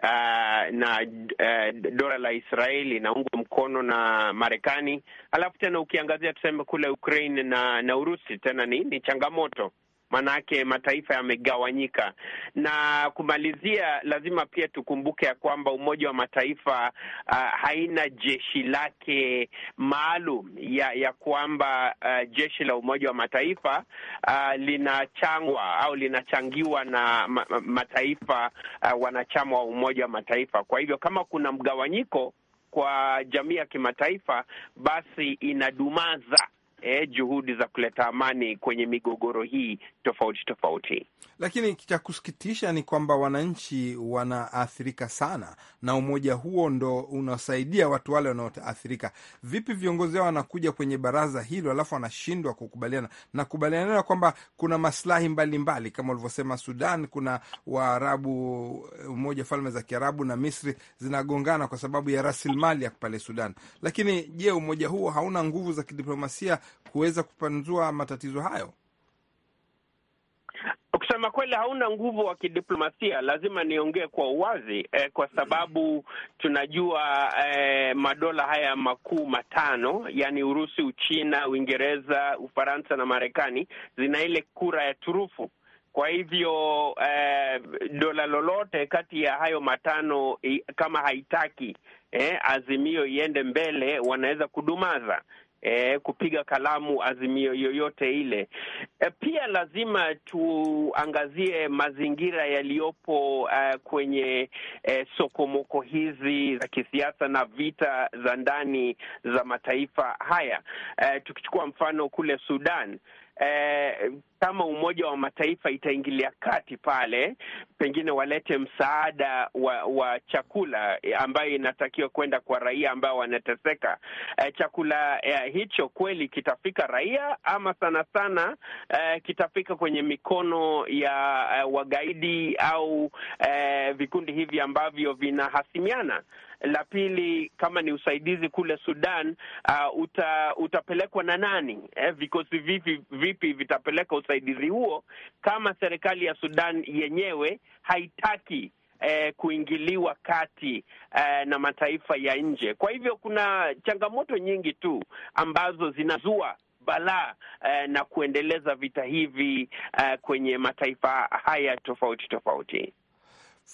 Uh, na uh, dola la Israeli inaungwa mkono na Marekani, alafu tena ukiangazia tuseme kule Ukraine na na Urusi tena ni, ni changamoto maanake mataifa yamegawanyika. Na kumalizia, lazima pia tukumbuke ya kwamba Umoja wa Mataifa uh, haina jeshi lake maalum ya ya kwamba uh, jeshi la Umoja wa Mataifa uh, linachangwa au linachangiwa na ma mataifa uh, wanachama wa Umoja wa Mataifa. Kwa hivyo kama kuna mgawanyiko kwa jamii ya kimataifa, basi inadumaza eh, juhudi za kuleta amani kwenye migogoro hii tofauti tofauti. Lakini cha kusikitisha ni kwamba wananchi wanaathirika sana, na umoja huo ndo unasaidia watu wale wanaoathirika. Vipi viongozi hao wanakuja kwenye baraza hilo alafu wanashindwa kukubaliana na kubaliana kwamba kuna maslahi mbalimbali kama ulivyosema Sudan, kuna Waarabu, Umoja Falme za Kiarabu na Misri zinagongana kwa sababu ya rasilimali ya pale Sudan. Lakini je, umoja huo hauna nguvu za kidiplomasia kuweza kupanzua matatizo hayo? Kusema kweli, hauna nguvu wa kidiplomasia. Lazima niongee kwa uwazi eh, kwa sababu tunajua eh, madola haya makuu matano, yani Urusi, Uchina, Uingereza, Ufaransa na Marekani zina ile kura ya turufu. Kwa hivyo eh, dola lolote kati ya hayo matano kama haitaki eh, azimio iende mbele, wanaweza kudumaza e, kupiga kalamu azimio yoyote ile. E, pia lazima tuangazie mazingira yaliyopo uh, kwenye eh, sokomoko hizi za kisiasa na vita za ndani za mataifa haya eh, tukichukua mfano kule Sudan eh, kama Umoja wa Mataifa itaingilia kati pale, pengine walete msaada wa, wa chakula eh, ambayo inatakiwa kwenda kwa raia ambao wanateseka. Eh, chakula eh, hicho kweli kitafika raia ama sana sana eh, kitafika kwenye mikono ya eh, wagaidi au eh, vikundi hivi ambavyo vinahasimiana. La pili, kama ni usaidizi kule Sudan, uh, uta, utapelekwa na nani? Eh, vikosi vipi, vipi vitapeleka usaidizi huo kama serikali ya Sudan yenyewe haitaki Eh, kuingiliwa kati eh, na mataifa ya nje. Kwa hivyo kuna changamoto nyingi tu ambazo zinazua balaa eh, na kuendeleza vita hivi eh, kwenye mataifa haya tofauti tofauti.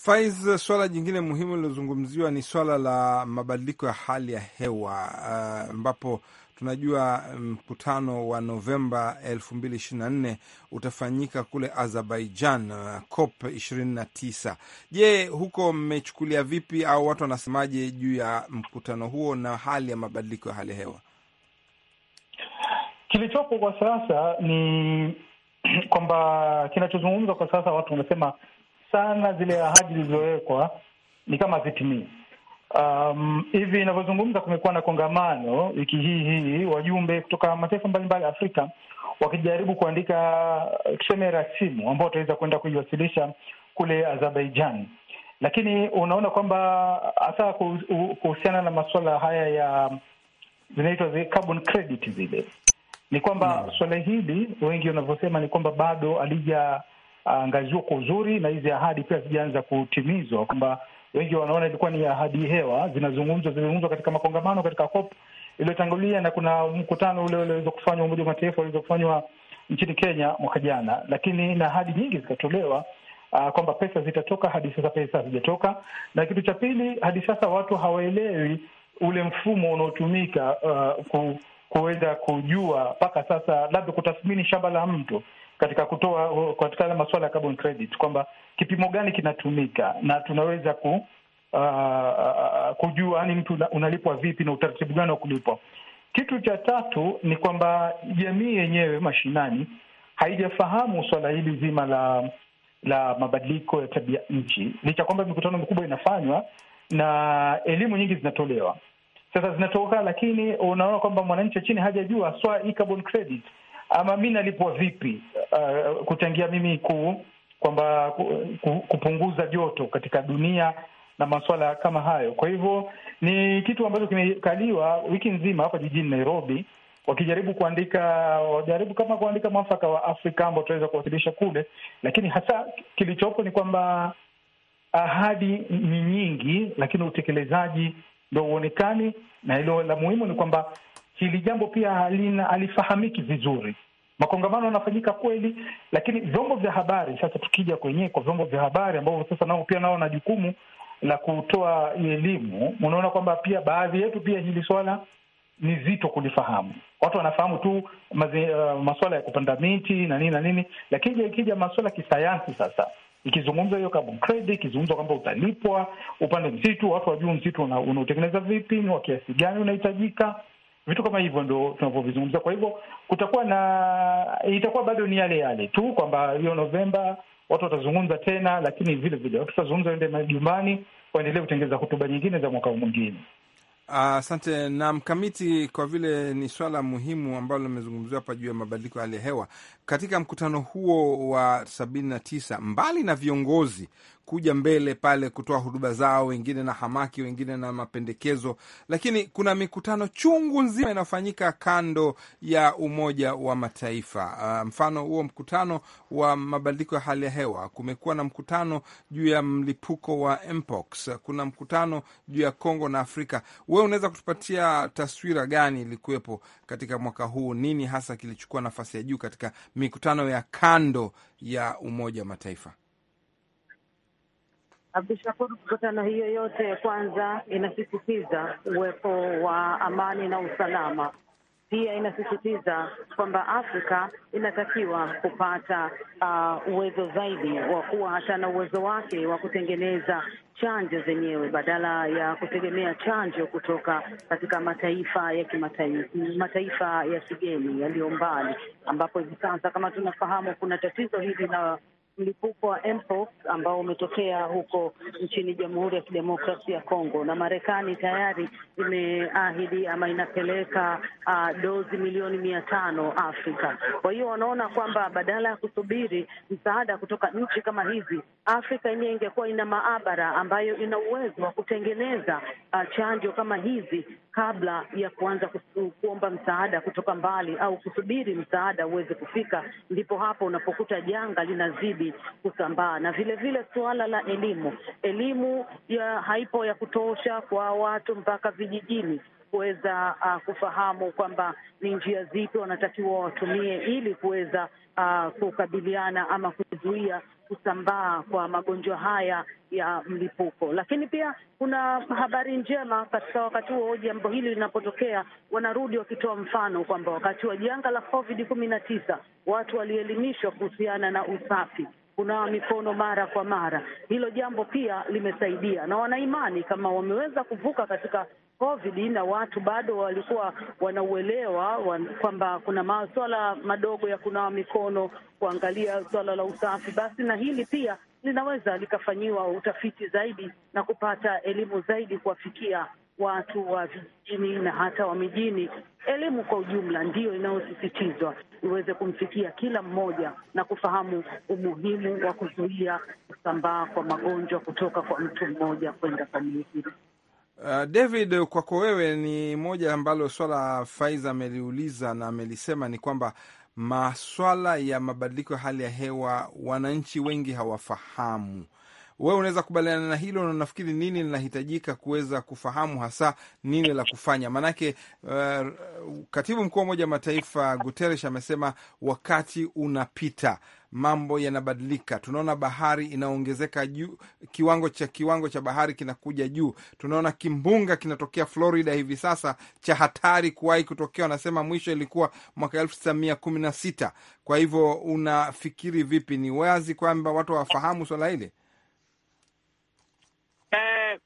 Faiz, swala jingine muhimu lilozungumziwa ni swala la mabadiliko ya hali ya hewa eh, ambapo uh, tunajua eh, mkutano um, wa Novemba 2024 utafanyika kule Azerbaijan, uh, COP 29. Je, huko mmechukulia vipi au watu wanasemaje juu ya mkutano huo na hali ya mabadiliko ya hali ya hewa? Kilichopo kwa sasa ni (clears throat) kwamba kinachozungumzwa kwa sasa, watu wanasema sana zile ahadi zilizowekwa ni kama zitimii. Um, hivi inavyozungumza kumekuwa na kongamano wiki hii hii, wajumbe kutoka mataifa mbalimbali ya Afrika wakijaribu kuandika tuseme rasimu ambao wataweza kuenda kuiwasilisha kule Azerbaijan, lakini unaona kwamba hasa kuhusiana na masuala haya ya zinaitwa zi carbon credit zile, ni kwamba no. Mm. Swala hili wengi wanavyosema ni kwamba bado alija angaziwa kwa uzuri, na hizi ahadi pia zijaanza kutimizwa, kwamba wengi wanaona ilikuwa ni ahadi hewa, zinazungumzwa zilizungumzwa katika makongamano, katika COP iliyotangulia na kuna mkutano ule ulioweza kufanywa Umoja wa Mataifa uliweza kufanywa nchini Kenya mwaka jana, lakini na ahadi nyingi zikatolewa uh, kwamba pesa zitatoka. Hadi sasa pesa hazijatoka, na kitu cha pili, hadi sasa watu hawaelewi ule mfumo unaotumika uh, ku, kuweza kujua mpaka sasa, labda kutathmini shamba la mtu katika kutoa katika masuala ya carbon credit, kwamba kipimo gani kinatumika na tunaweza ku, uh, kujua ni mtu unalipwa vipi na utaratibu gani wa kulipwa. Kitu cha tatu ni kwamba jamii yenyewe mashinani haijafahamu swala hili zima la la mabadiliko ya tabia nchi, licha kwamba mikutano mikubwa inafanywa na elimu nyingi zinatolewa sasa zinatoka, lakini unaona kwamba mwananchi wa chini hajajua swala hii carbon credit ama mi nalipwa vipi uh, kuchangia mimi ku kwamba ku, kupunguza joto katika dunia na masuala kama hayo. Kwa hivyo ni kitu ambacho kimekaliwa wiki nzima hapa jijini Nairobi, wakijaribu kuandika wajaribu kama kuandika mwafaka wa Afrika ambao tunaweza kuwasilisha kule, lakini hasa kilichopo ni kwamba ahadi ni nyingi, lakini utekelezaji ndo uonekani, na ilo la muhimu ni kwamba hili jambo pia halina halifahamiki vizuri. Makongamano yanafanyika kweli, lakini vyombo vya habari sasa, tukija kwenyewe kwa vyombo vya habari ambavyo sasa nao pia nao na jukumu la kutoa elimu, unaona kwamba pia baadhi yetu pia hili swala ni zito kulifahamu. Watu wanafahamu tu mazi, uh, masuala ya kupanda miti na nini na nini, lakini ikija masuala ya kisayansi sasa ikizungumza hiyo carbon credit, ikizungumza kwamba utalipwa upande msitu, watu wajua msitu unaotengeneza vipi, ni wa kiasi gani unahitajika, vitu kama hivyo ndo tunavyovizungumza. Kwa hivyo kutakuwa na itakuwa bado ni yale yale tu kwamba hiyo Novemba watu watazungumza tena, lakini vile vile watu ende majumbani, waendelee kutengeza hotuba nyingine za mwaka mwingine. Asante uh, na mkamiti, kwa vile ni swala muhimu ambalo limezungumziwa hapa juu ya mabadiliko ya hali ya hewa katika mkutano huo wa sabini na tisa, mbali na viongozi kuja mbele pale kutoa huduba zao, wengine na hamaki, wengine na mapendekezo, lakini kuna mikutano chungu nzima inayofanyika kando ya Umoja wa Mataifa. Uh, mfano huo mkutano wa mabadiliko ya hali ya hewa, kumekuwa na mkutano juu ya mlipuko wa mpox, kuna mkutano juu ya Kongo na Afrika. Wewe unaweza kutupatia taswira gani ilikuwepo katika mwaka huu? Nini hasa kilichukua nafasi ya juu katika mikutano ya kando ya Umoja wa Mataifa? Abdushakuru, kukutana hiyo yote, kwanza inasisitiza uwepo wa amani na usalama. Pia inasisitiza kwamba Afrika inatakiwa kupata uh, uwezo zaidi wa kuwa hata na uwezo wake wa kutengeneza chanjo zenyewe badala ya kutegemea chanjo kutoka katika mataifa ya kimataifa, mataifa ya kigeni yaliyo mbali, ambapo hivi sasa kama tunafahamu kuna tatizo hili la mlipuko wa mpox ambao umetokea huko nchini Jamhuri ya Kidemokrasia ya Kongo, na Marekani tayari imeahidi ama inapeleka uh, dozi milioni mia tano Afrika. Kwa hiyo wanaona kwamba badala ya kusubiri msaada kutoka nchi kama hizi, Afrika yenyewe ingekuwa ina maabara ambayo ina uwezo wa kutengeneza uh, chanjo kama hizi kabla ya kuanza kuomba msaada kutoka mbali au kusubiri msaada uweze kufika, ndipo hapo unapokuta janga linazidi hii kusambaa, na vile vile suala la elimu, elimu ya haipo ya kutosha kwa watu mpaka vijijini kuweza uh, kufahamu kwamba ni njia zipi wanatakiwa watumie ili kuweza uh, kukabiliana ama kuzuia kusambaa kwa magonjwa haya ya mlipuko. Lakini pia kuna habari njema katika wakati huo, jambo hili linapotokea, wanarudi wakitoa mfano kwamba wakati wa janga la COVID kumi na tisa watu walielimishwa kuhusiana na usafi kunawa mikono mara kwa mara. Hilo jambo pia limesaidia, na wanaimani kama wameweza kuvuka katika COVID na watu bado walikuwa wanauelewa wan, kwamba kuna maswala madogo ya kunawa mikono, kuangalia swala la usafi, basi na hili pia linaweza likafanyiwa utafiti zaidi na kupata elimu zaidi kuwafikia watu wa vijijini na hata wa mijini. Elimu kwa ujumla ndiyo inayosisitizwa iweze kumfikia kila mmoja na kufahamu umuhimu wa kuzuia kusambaa kwa magonjwa kutoka kwa mtu mmoja kwenda kwa mwingine. Uh, David, kwako wewe, ni moja ambalo swala Faiza ameliuliza na amelisema ni kwamba maswala ya mabadiliko ya hali ya hewa wananchi wengi hawafahamu. Wewe unaweza kubaliana na hilo, na nafikiri nini linahitajika kuweza kufahamu hasa nini la kufanya? Maanake uh, katibu mkuu wa Umoja wa Mataifa Guterres amesema wakati unapita, mambo yanabadilika. Tunaona bahari inaongezeka juu, kiwango cha kiwango cha bahari kinakuja juu. Tunaona kimbunga kinatokea Florida hivi sasa cha hatari kuwahi kutokea, wanasema mwisho ilikuwa mwaka elfu tisa mia kumi na sita. Kwa hivyo unafikiri vipi? Ni wazi kwamba watu hawafahamu swala hili. Eh,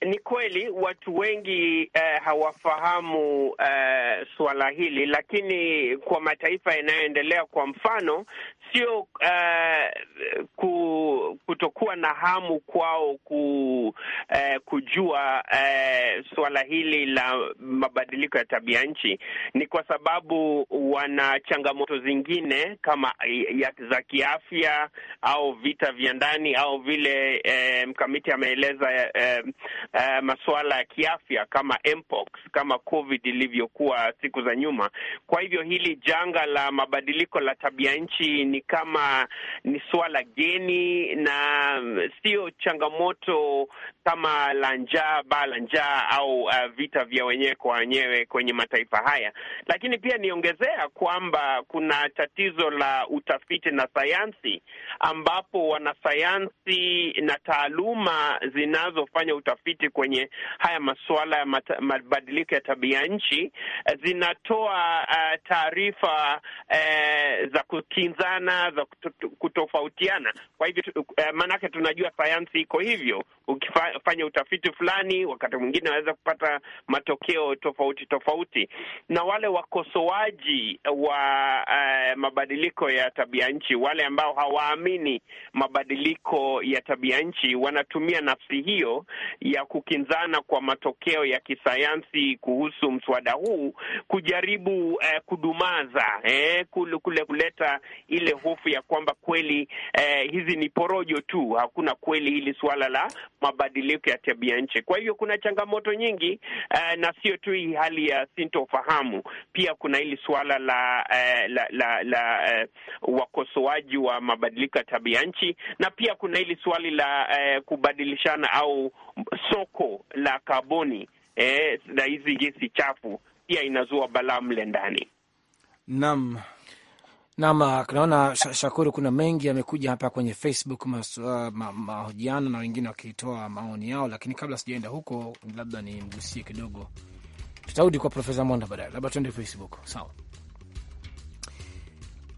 ni kweli watu wengi eh, hawafahamu eh, suala hili, lakini kwa mataifa yanayoendelea, kwa mfano sio uh, kutokuwa na hamu kwao ku, uh, kujua uh, eh, suala hili la mabadiliko ya tabia nchi, ni kwa sababu wana changamoto zingine kama za kiafya au vita vya ndani au vile uh, mkamiti ameeleza uh, uh, masuala ya kiafya kama mpox, kama covid ilivyokuwa siku za nyuma. Kwa hivyo hili janga la mabadiliko la tabia nchi ni ni kama ni swala geni na sio changamoto kama la njaa, baa la njaa au uh, vita vya wenyewe kwa wenyewe kwenye mataifa haya. Lakini pia niongezea kwamba kuna tatizo la utafiti na sayansi, ambapo wanasayansi na taaluma zinazofanya utafiti kwenye haya masuala ya mabadiliko ya tabia nchi zinatoa uh, taarifa uh, za kukinzana sana za kutofautiana. Kwa hivyo eh, maanake tunajua sayansi iko hivyo, ukifanya utafiti fulani, wakati mwingine waweza kupata matokeo tofauti tofauti. Na wale wakosoaji wa eh, mabadiliko ya tabia nchi, wale ambao hawaamini mabadiliko ya tabia nchi, wanatumia nafsi hiyo ya kukinzana kwa matokeo ya kisayansi kuhusu mswada huu kujaribu eh, kudumaza eh, kule kuleta ile hofu ya kwamba kweli eh, hizi ni porojo tu, hakuna kweli hili suala la mabadiliko ya tabia nchi. Kwa hivyo kuna changamoto nyingi eh, na sio tu hii hali ya sintofahamu, pia kuna hili suala la eh, la la, la eh, wakosoaji wa mabadiliko ya tabia nchi, na pia kuna hili swali la eh, kubadilishana au soko la kaboni eh, na hizi gesi chafu pia inazua balaa mle ndani. Naam. Nam, tunaona ah, Shakuru, kuna mengi yamekuja hapa kwenye Facebook, ah, mahojiano ma, ma, na wengine wakitoa maoni yao, lakini kabla sijaenda huko, labda nimgusie kidogo, tutarudi kwa Profesa Monda baadaye, labda tuende Facebook. Sawa,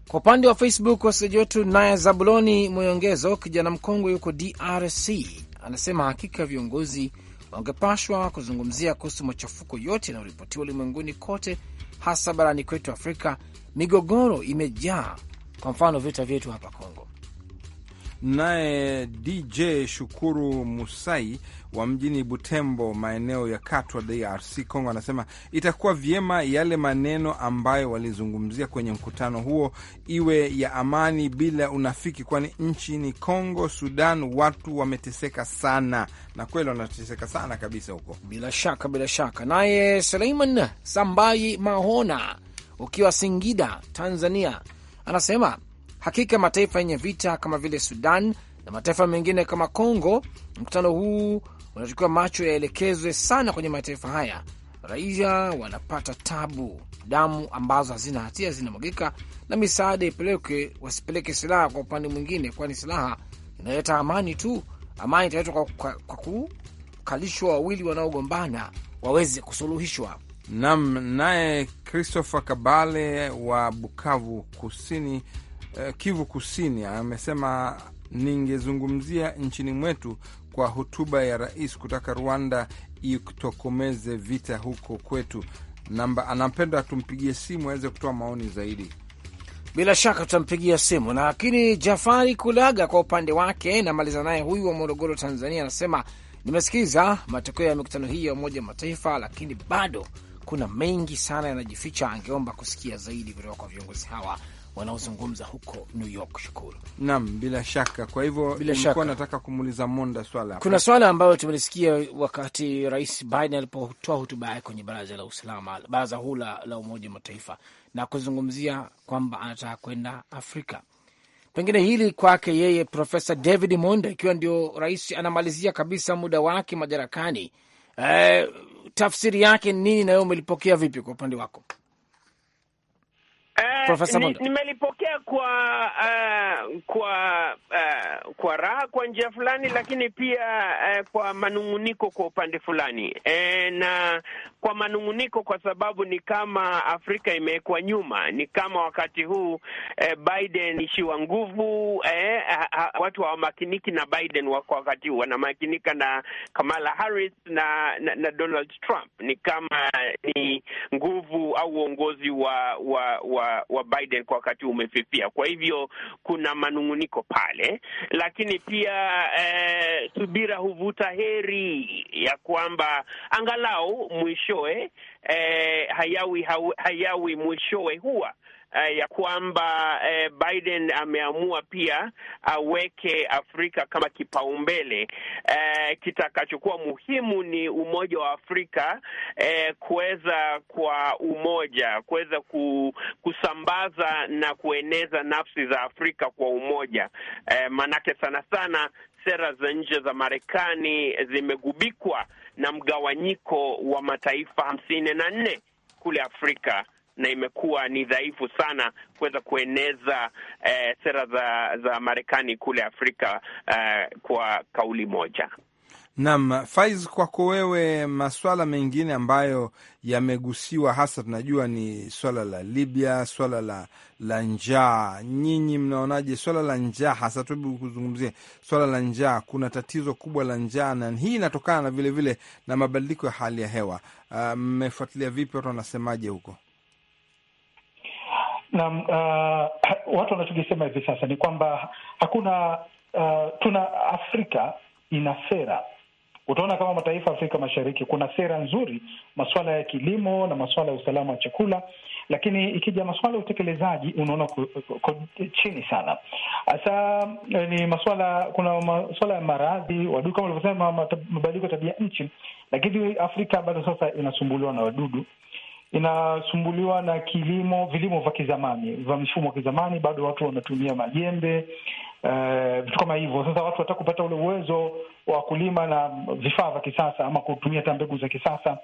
kwa upande wa Facebook wasikilizaji wetu, naye Zabuloni Mweongezo, kijana mkongwe yuko DRC, anasema hakika viongozi wangepashwa kuzungumzia kuhusu machafuko yote yanayoripotiwa ulimwenguni kote, hasa barani kwetu Afrika migogoro imejaa, kwa mfano vita vyetu hapa Kongo. Naye DJ Shukuru Musai wa mjini Butembo, maeneo ya Katwa, DRC Kongo, anasema itakuwa vyema yale maneno ambayo walizungumzia kwenye mkutano huo iwe ya amani bila unafiki, kwani nchini Kongo, Sudan watu wameteseka sana, na kweli wanateseka sana kabisa huko, bila shaka, bila shaka. Naye Suleiman sambai Mahona ukiwa Singida, Tanzania, anasema hakika mataifa yenye vita kama vile Sudan na mataifa mengine kama congo mkutano huu unatakiwa macho yaelekezwe sana kwenye mataifa haya. Raia wanapata tabu, damu ambazo hazina hatia zinamwagika, na misaada ipelekwe, wasipeleke silaha kwa upande mwingine, kwani silaha inaleta amani tu. Amani italetwa kwa, kwa, kwa kukalishwa wawili wanaogombana waweze kusuluhishwa. Nam naye Christopher Kabale wa Bukavu Kusini, eh, Kivu Kusini amesema ningezungumzia nchini mwetu kwa hotuba ya rais kutaka Rwanda itokomeze vita huko kwetu. Namba anapenda tumpigie simu aweze kutoa maoni zaidi. Bila shaka tutampigia simu, lakini Jafari Kulaga kwa upande wake, namaliza naye huyu wa Morogoro, Tanzania, anasema nimesikiliza matokeo ya mikutano hii ya Umoja Mataifa, lakini bado kuna mengi sana yanajificha, angeomba kusikia zaidi kutoka kwa viongozi hawa wanaozungumza huko New York. Shukuru nam, bila shaka. Kwa hivyo ilikuwa nataka kumuuliza Monda swala, kuna swala ambayo tumelisikia wakati Rais Biden alipotoa hotuba yake kwenye baraza la usalama, baraza huu la Umoja wa Mataifa, na kuzungumzia kwamba anataka kwenda Afrika. Pengine hili kwake yeye Profesa David Monda, ikiwa ndio rais anamalizia kabisa muda wake madarakani, eh, tafsiri yake ni nini na wewe umelipokea vipi kwa upande wako? Uh, nimelipokea ni kwa uh, kwa uh, kwa raha kwa njia fulani, lakini pia uh, kwa manung'uniko kwa upande fulani e, na kwa manung'uniko kwa sababu ni kama Afrika imewekwa nyuma, ni kama wakati huu uh, Biden ishiwa nguvu uh, uh, watu hawamakiniki na Biden wako wakati huu wanamakinika na Kamala Harris na, na, na Donald Trump, ni kama ni nguvu au uongozi wa, wa, wa wa, Biden kwa wakati umefifia. Kwa hivyo kuna manung'uniko pale, lakini pia eh, subira huvuta heri ya kwamba angalau mwishowe eh, hayawi hayawi mwishowe huwa eh, ya kwamba eh, Biden ameamua pia aweke Afrika kama kipaumbele. eh, kitakachokuwa muhimu ni umoja wa Afrika eh, kuweza kwa umoja kuweza kusambaza na kueneza nafsi za Afrika kwa umoja eh, maanake sana sana sera za nje za Marekani zimegubikwa na mgawanyiko wa mataifa hamsini na nne kule Afrika na imekuwa ni dhaifu sana kuweza kueneza eh, sera za za Marekani kule Afrika eh, kwa kauli moja. Naam, Faiz, kwako wewe, maswala mengine ambayo yamegusiwa hasa tunajua ni swala la Libya, swala la, la njaa. Nyinyi mnaonaje swala la njaa hasa? Tubu kuzungumzia swala la njaa, kuna tatizo kubwa la njaa na hii inatokana na vilevile vile na mabadiliko ya hali ya hewa. Ah, mmefuatilia uh, vipi? Watu wanasemaje huko? na uh, (clears throat) watu wanachokisema hivi sasa ni kwamba hakuna uh, tuna Afrika ina sera utaona kama mataifa Afrika Mashariki kuna sera nzuri, masuala ya kilimo na masuala ya usalama wa chakula, lakini ikija masuala ya utekelezaji unaona chini sana. Hasa eh, ni masuala, kuna masuala ya maradhi, wadudu kama ulivyosema, mabadiliko ya tabia nchi, lakini Afrika bado sasa inasumbuliwa na wadudu inasumbuliwa na kilimo, vilimo vya kizamani, vya mifumo wa kizamani, bado watu wanatumia majembe eh, vitu uh, kama hivyo. Sasa watu wataka kupata ule uwezo wa kulima na vifaa vya kisasa ama kutumia hata mbegu za kisasa,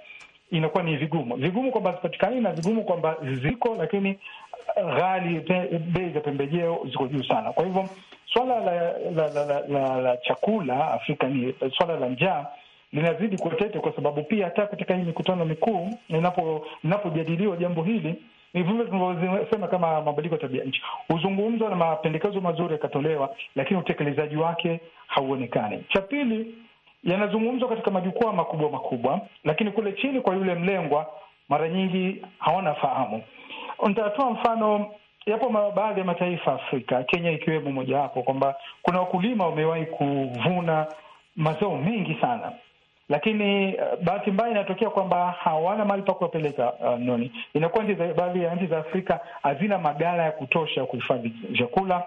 inakuwa ni vigumu vigumu kwamba zipatikani na vigumu kwamba ziko, lakini eh, ghali, bei za pembejeo ziko juu sana. Kwa hivyo swala la, la, la, la, la, la chakula Afrika ni swala la njaa linazidi kutete, kwa sababu pia hata katika hii mikutano mikuu linapojadiliwa jambo hili ni vile tunavyosema kama mabadiliko ya tabia nchi huzungumzwa na mapendekezo mazuri yakatolewa, lakini utekelezaji wake hauonekani. Cha pili, yanazungumzwa katika majukwaa makubwa makubwa, lakini kule chini kwa yule mlengwa mara nyingi hawana fahamu. Nitatoa mfano, yapo baadhi ya mataifa Afrika, Kenya ikiwemo mojawapo, kwamba kuna wakulima wamewahi kuvuna mazao mengi sana lakini uh, bahati mbaya inatokea kwamba hawana mali pa kuwapeleka uh, noni. Inakuwa nchi baadhi ya nchi za Afrika hazina magala ya kutosha ya kuhifadhi vyakula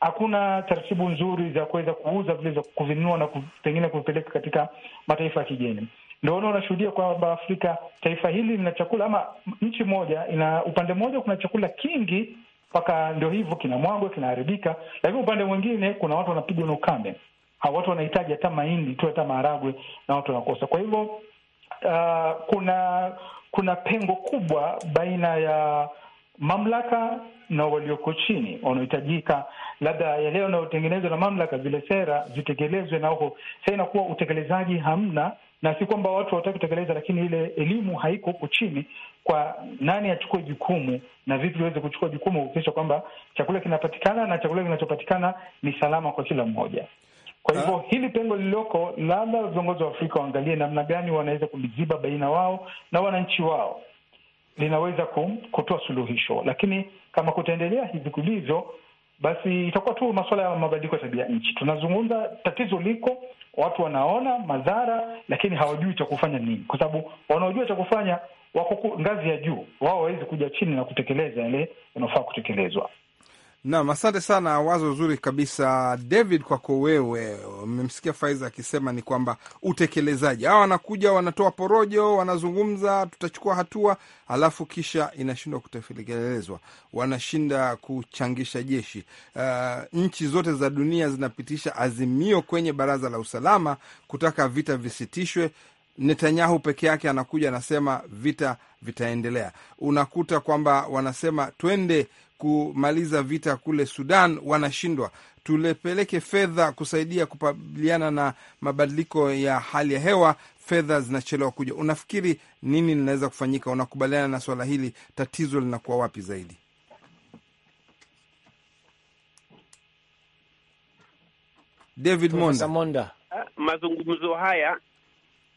hakuna taratibu nzuri za kuweza kuuza vile za kuvinunua na pengine kuvipeleka katika mataifa ya kigeni. Ndo unaona unashuhudia kwamba Afrika taifa hili lina chakula ama nchi moja ina upande mmoja kuna chakula kingi mpaka ndio hivyo kinamwagwa, kinaharibika, lakini upande mwingine kuna watu wanapigwa na ukame hawa watu wanahitaji hata mahindi tu, hata maharagwe na watu wanakosa. Kwa hivyo uh, kuna kuna pengo kubwa baina ya mamlaka na walioko chini wanaohitajika, labda yale yanayotengenezwa na mamlaka, vile sera zitekelezwe na huko. Sasa inakuwa utekelezaji hamna, na si kwamba watu hawataki kutekeleza, lakini ile elimu haiko huko chini, kwa nani achukue jukumu na vipi iweze kuchukua jukumu kuhakikisha kwamba chakula kinapatikana na chakula kinachopatikana ni salama kwa kila mmoja. Kwa hivyo ah, hili pengo lililoko, labda viongozi wa Afrika waangalie namna gani wanaweza kuliziba baina wao na wananchi wao, linaweza kutoa suluhisho, lakini kama kutaendelea hivi kulivyo, basi itakuwa tu masuala ya mabadiliko ya tabia nchi. Tunazungumza, tatizo liko, watu wanaona madhara, lakini hawajui cha kufanya nini, kwa sababu wanaojua cha kufanya wako ngazi ya juu, wao wawezi kuja chini na kutekeleza yale yanayofaa kutekelezwa. Nam, asante sana, wazo zuri kabisa David. Kwako wewe, umemsikia Faiza akisema ni kwamba utekelezaji, hawa wanakuja wanatoa porojo, wanazungumza tutachukua hatua, alafu kisha inashindwa kutekelezwa, wanashinda kuchangisha jeshi. Uh, nchi zote za dunia zinapitisha azimio kwenye Baraza la Usalama kutaka vita visitishwe. Netanyahu peke yake anakuja anasema vita vitaendelea. Unakuta kwamba wanasema twende kumaliza vita kule Sudan wanashindwa, tulepeleke fedha kusaidia kupabiliana na mabadiliko ya hali ya hewa, fedha zinachelewa kuja. Unafikiri nini linaweza kufanyika? Unakubaliana na swala hili, tatizo linakuwa wapi zaidi? David Monda, Monda. Ah, mazungumzo haya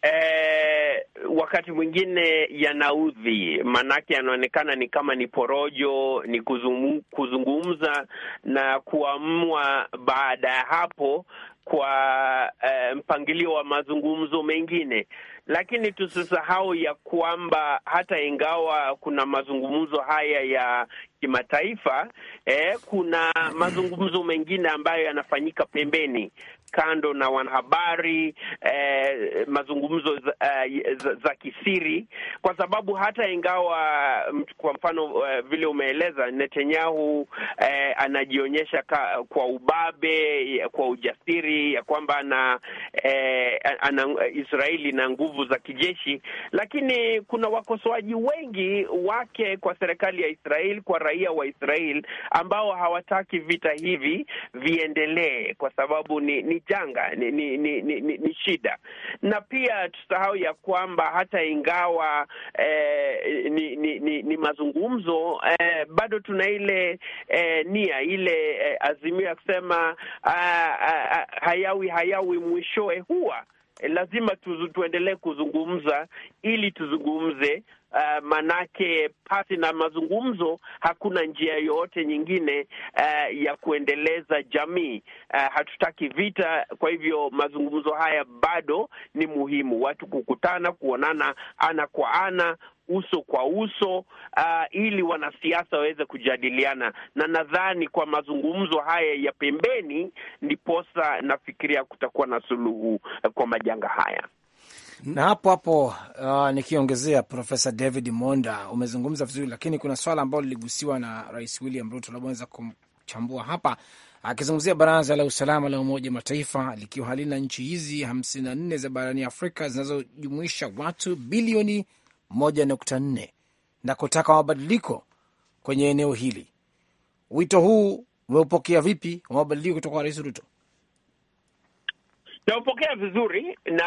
Eh, wakati mwingine yanaudhi, maanake yanaonekana ni kama ni porojo, ni kuzumu, kuzungumza na kuamua baada ya hapo kwa eh, mpangilio wa mazungumzo mengine, lakini tusisahau ya kwamba hata ingawa kuna mazungumzo haya ya kimataifa eh, kuna mazungumzo mengine ambayo yanafanyika pembeni kando na wanahabari eh, mazungumzo za, eh, za, za kisiri, kwa sababu hata ingawa mm, kwa mfano eh, vile umeeleza Netanyahu eh, anajionyesha ka, kwa ubabe, kwa ujasiri ya kwamba ana, eh, ana Israeli na nguvu za kijeshi, lakini kuna wakosoaji wengi wake kwa serikali ya israel kwa raia wa israel ambao hawataki vita hivi viendelee kwa sababu ni, ni janga, ni ni, ni, ni, ni ni shida. Na pia tusahau ya kwamba hata ingawa eh, ni, ni, ni, ni mazungumzo eh, bado tuna ile eh, nia ile eh, azimio ya kusema ah, ah, ah hayawi hayawi mwishowe huwa Eh, lazima tuzu, tuendelee kuzungumza ili tuzungumze. Uh, manake pasi na mazungumzo hakuna njia yoyote nyingine uh, ya kuendeleza jamii. Uh, hatutaki vita, kwa hivyo mazungumzo haya bado ni muhimu, watu kukutana, kuonana ana kwa ana, uso kwa uso uh, ili wanasiasa waweze kujadiliana, na nadhani kwa mazungumzo haya ya pembeni ndiposa nafikiria kutakuwa na suluhu kwa majanga haya na hapo hapo, uh, nikiongezea Profesa David Monda, umezungumza vizuri, lakini kuna swala ambalo liligusiwa na Rais William Ruto, labda naweza kumchambua hapa, akizungumzia Baraza la Usalama la Umoja wa Mataifa likiwa halina nchi hizi hamsini na nne za barani Afrika zinazojumuisha watu bilioni 1.4 na kutaka mabadiliko kwenye eneo hili. Wito huu umeupokea vipi wa mabadiliko kutoka kwa Rais Ruto? Naupokea vizuri na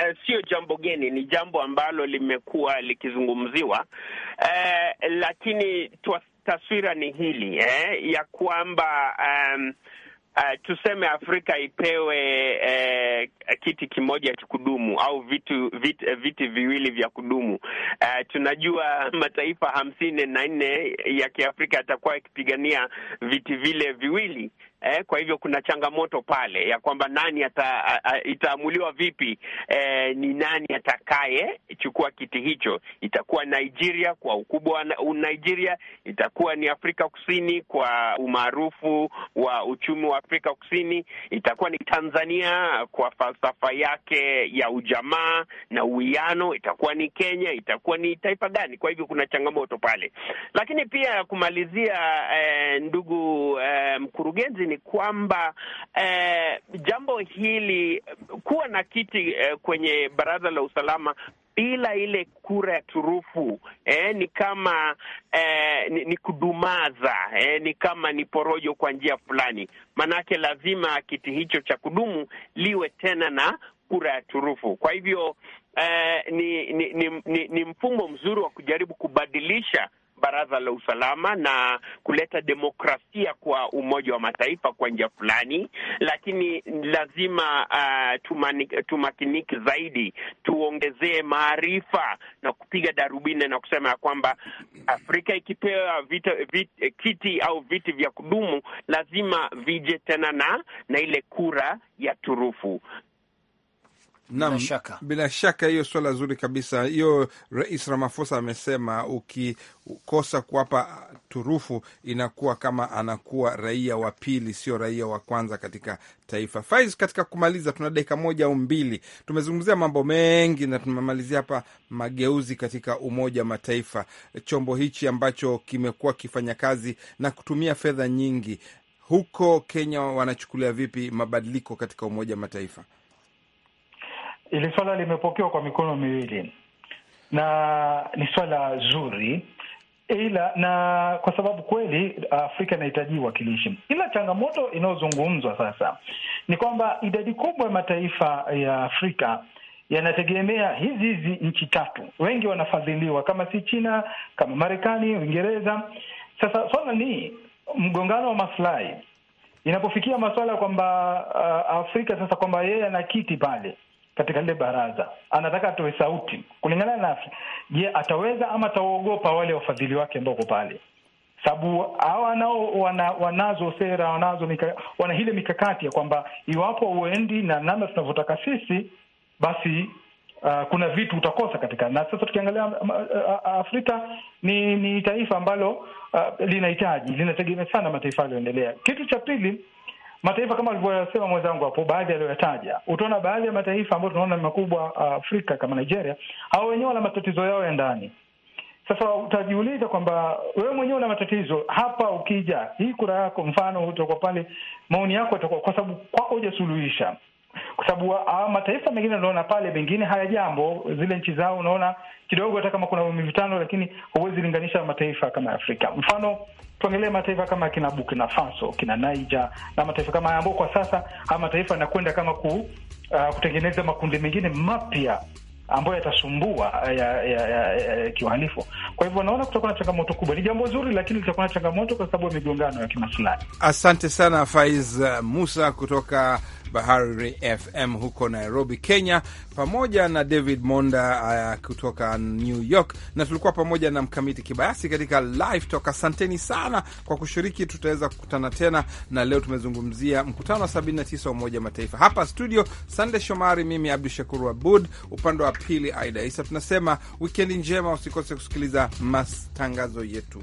uh, sio jambo geni, ni jambo ambalo limekuwa likizungumziwa uh, lakini taswira ni hili eh, ya kwamba um, uh, tuseme Afrika ipewe eh, kiti kimoja cha kudumu au vitu vit, eh, viti viwili vya kudumu. Uh, tunajua (laughs) mataifa hamsini na nne ya Kiafrika yatakuwa yakipigania viti vile viwili Eh, kwa hivyo kuna changamoto pale ya kwamba nani ata, itaamuliwa vipi eh, ni nani atakaye chukua kiti hicho. Itakuwa Nigeria kwa ukubwa wa Nigeria, itakuwa ni Afrika Kusini kwa umaarufu wa uchumi wa Afrika Kusini, itakuwa ni Tanzania kwa falsafa yake ya ujamaa na uwiano, itakuwa ni Kenya, itakuwa ni taifa gani? Kwa hivyo kuna changamoto pale, lakini pia kumalizia, eh, ndugu eh, mkurugenzi ni kwamba eh, jambo hili kuwa na kiti eh, kwenye baraza la usalama bila ile kura ya turufu eh, ni kama eh, ni, ni kudumaza eh, ni kama ni porojo kwa njia fulani, maanake lazima kiti hicho cha kudumu liwe tena na kura ya turufu. Kwa hivyo eh, ni, ni, ni, ni, ni mfumo mzuri wa kujaribu kubadilisha baraza la usalama na kuleta demokrasia kwa Umoja wa Mataifa kwa njia fulani, lakini lazima uh, tumani, tumakiniki zaidi, tuongezee maarifa na kupiga darubini na kusema ya kwamba Afrika ikipewa vita, vit, kiti au viti vya kudumu lazima vije tena na na ile kura ya turufu Nam, bila shaka, bila shaka hiyo swala zuri kabisa hiyo. Rais Ramaphosa amesema ukikosa kuwapa turufu inakuwa kama anakuwa raia wa pili, sio raia wa kwanza katika taifa. Faiz, katika kumaliza, tuna dakika moja au mbili. Tumezungumzia mambo mengi na tumemalizia hapa mageuzi katika Umoja Mataifa, chombo hichi ambacho kimekuwa kifanya kazi na kutumia fedha nyingi. Huko Kenya wanachukulia vipi mabadiliko katika Umoja Mataifa? Ili swala limepokewa kwa mikono miwili na ni swala zuri, ila na kwa sababu kweli uh, Afrika inahitaji uwakilishi, ila changamoto inayozungumzwa sasa ni kwamba idadi kubwa ya mataifa ya Afrika yanategemea hizi hizi nchi tatu. Wengi wanafadhiliwa kama si China, kama Marekani, Uingereza. Sasa swala ni mgongano wa maslahi inapofikia masuala kwamba uh, Afrika sasa kwamba yeye ana kiti pale katika lile baraza, anataka atoe sauti kulingana na afya. Je, ataweza ama atawaogopa wale wafadhili wake ambao pale? Sababu hawa nao wana, wanazo sera wanazo mika, wana hile mikakati ya kwamba iwapo uendi na namna tunavyotaka sisi basi Uh, kuna vitu utakosa katika na sasa, tukiangalia uh, uh, Afrika ni ni taifa ambalo uh, linahitaji linategemea sana mataifa yaliyoendelea. Kitu cha pili mataifa kama alivyoyasema mwenzangu hapo, baadhi aliyoyataja, utaona baadhi ya mataifa ambayo tunaona ni makubwa uh, Afrika kama Nigeria, hao wenyewe wana matatizo yao ya ndani. Sasa utajiuliza kwamba wewe mwenyewe una matatizo hapa, ukija hii kura yako mfano utakuwa pale, maoni yako itakuwa kwa sababu kwako hujasuluhisha kwa sababu uh, mataifa mengine unaona pale mengine haya jambo zile nchi zao unaona kidogo, hata kama kuna mivutano, lakini huwezi linganisha mataifa kama Afrika. Mfano tuangalie mataifa kama kina Burkina Faso, kina Niger na mataifa kama haya ambao kwa sasa haya mataifa yanakwenda kama ku, uh, kutengeneza makundi mengine mapya ambayo yatasumbua uh, ya, ya, ya, ya kiuhalifu. Kwa hivyo naona kutakuwa na changamoto kubwa. Ni jambo zuri, lakini litakuwa na changamoto kwa sababu ya migongano ya kimasilahi. Asante sana Faiz uh, Musa kutoka Bahari FM huko Nairobi, Kenya, pamoja na David Monda uh, kutoka New York, na tulikuwa pamoja na Mkamiti Kibayasi katika live toka. Asanteni sana kwa kushiriki, tutaweza kukutana tena. Na leo tumezungumzia mkutano wa 79 wa Umoja Mataifa. Hapa studio Sande Shomari, mimi Abdu Shakur Abud, upande wa pili Aida Isa. Tunasema wikendi njema, usikose kusikiliza matangazo yetu.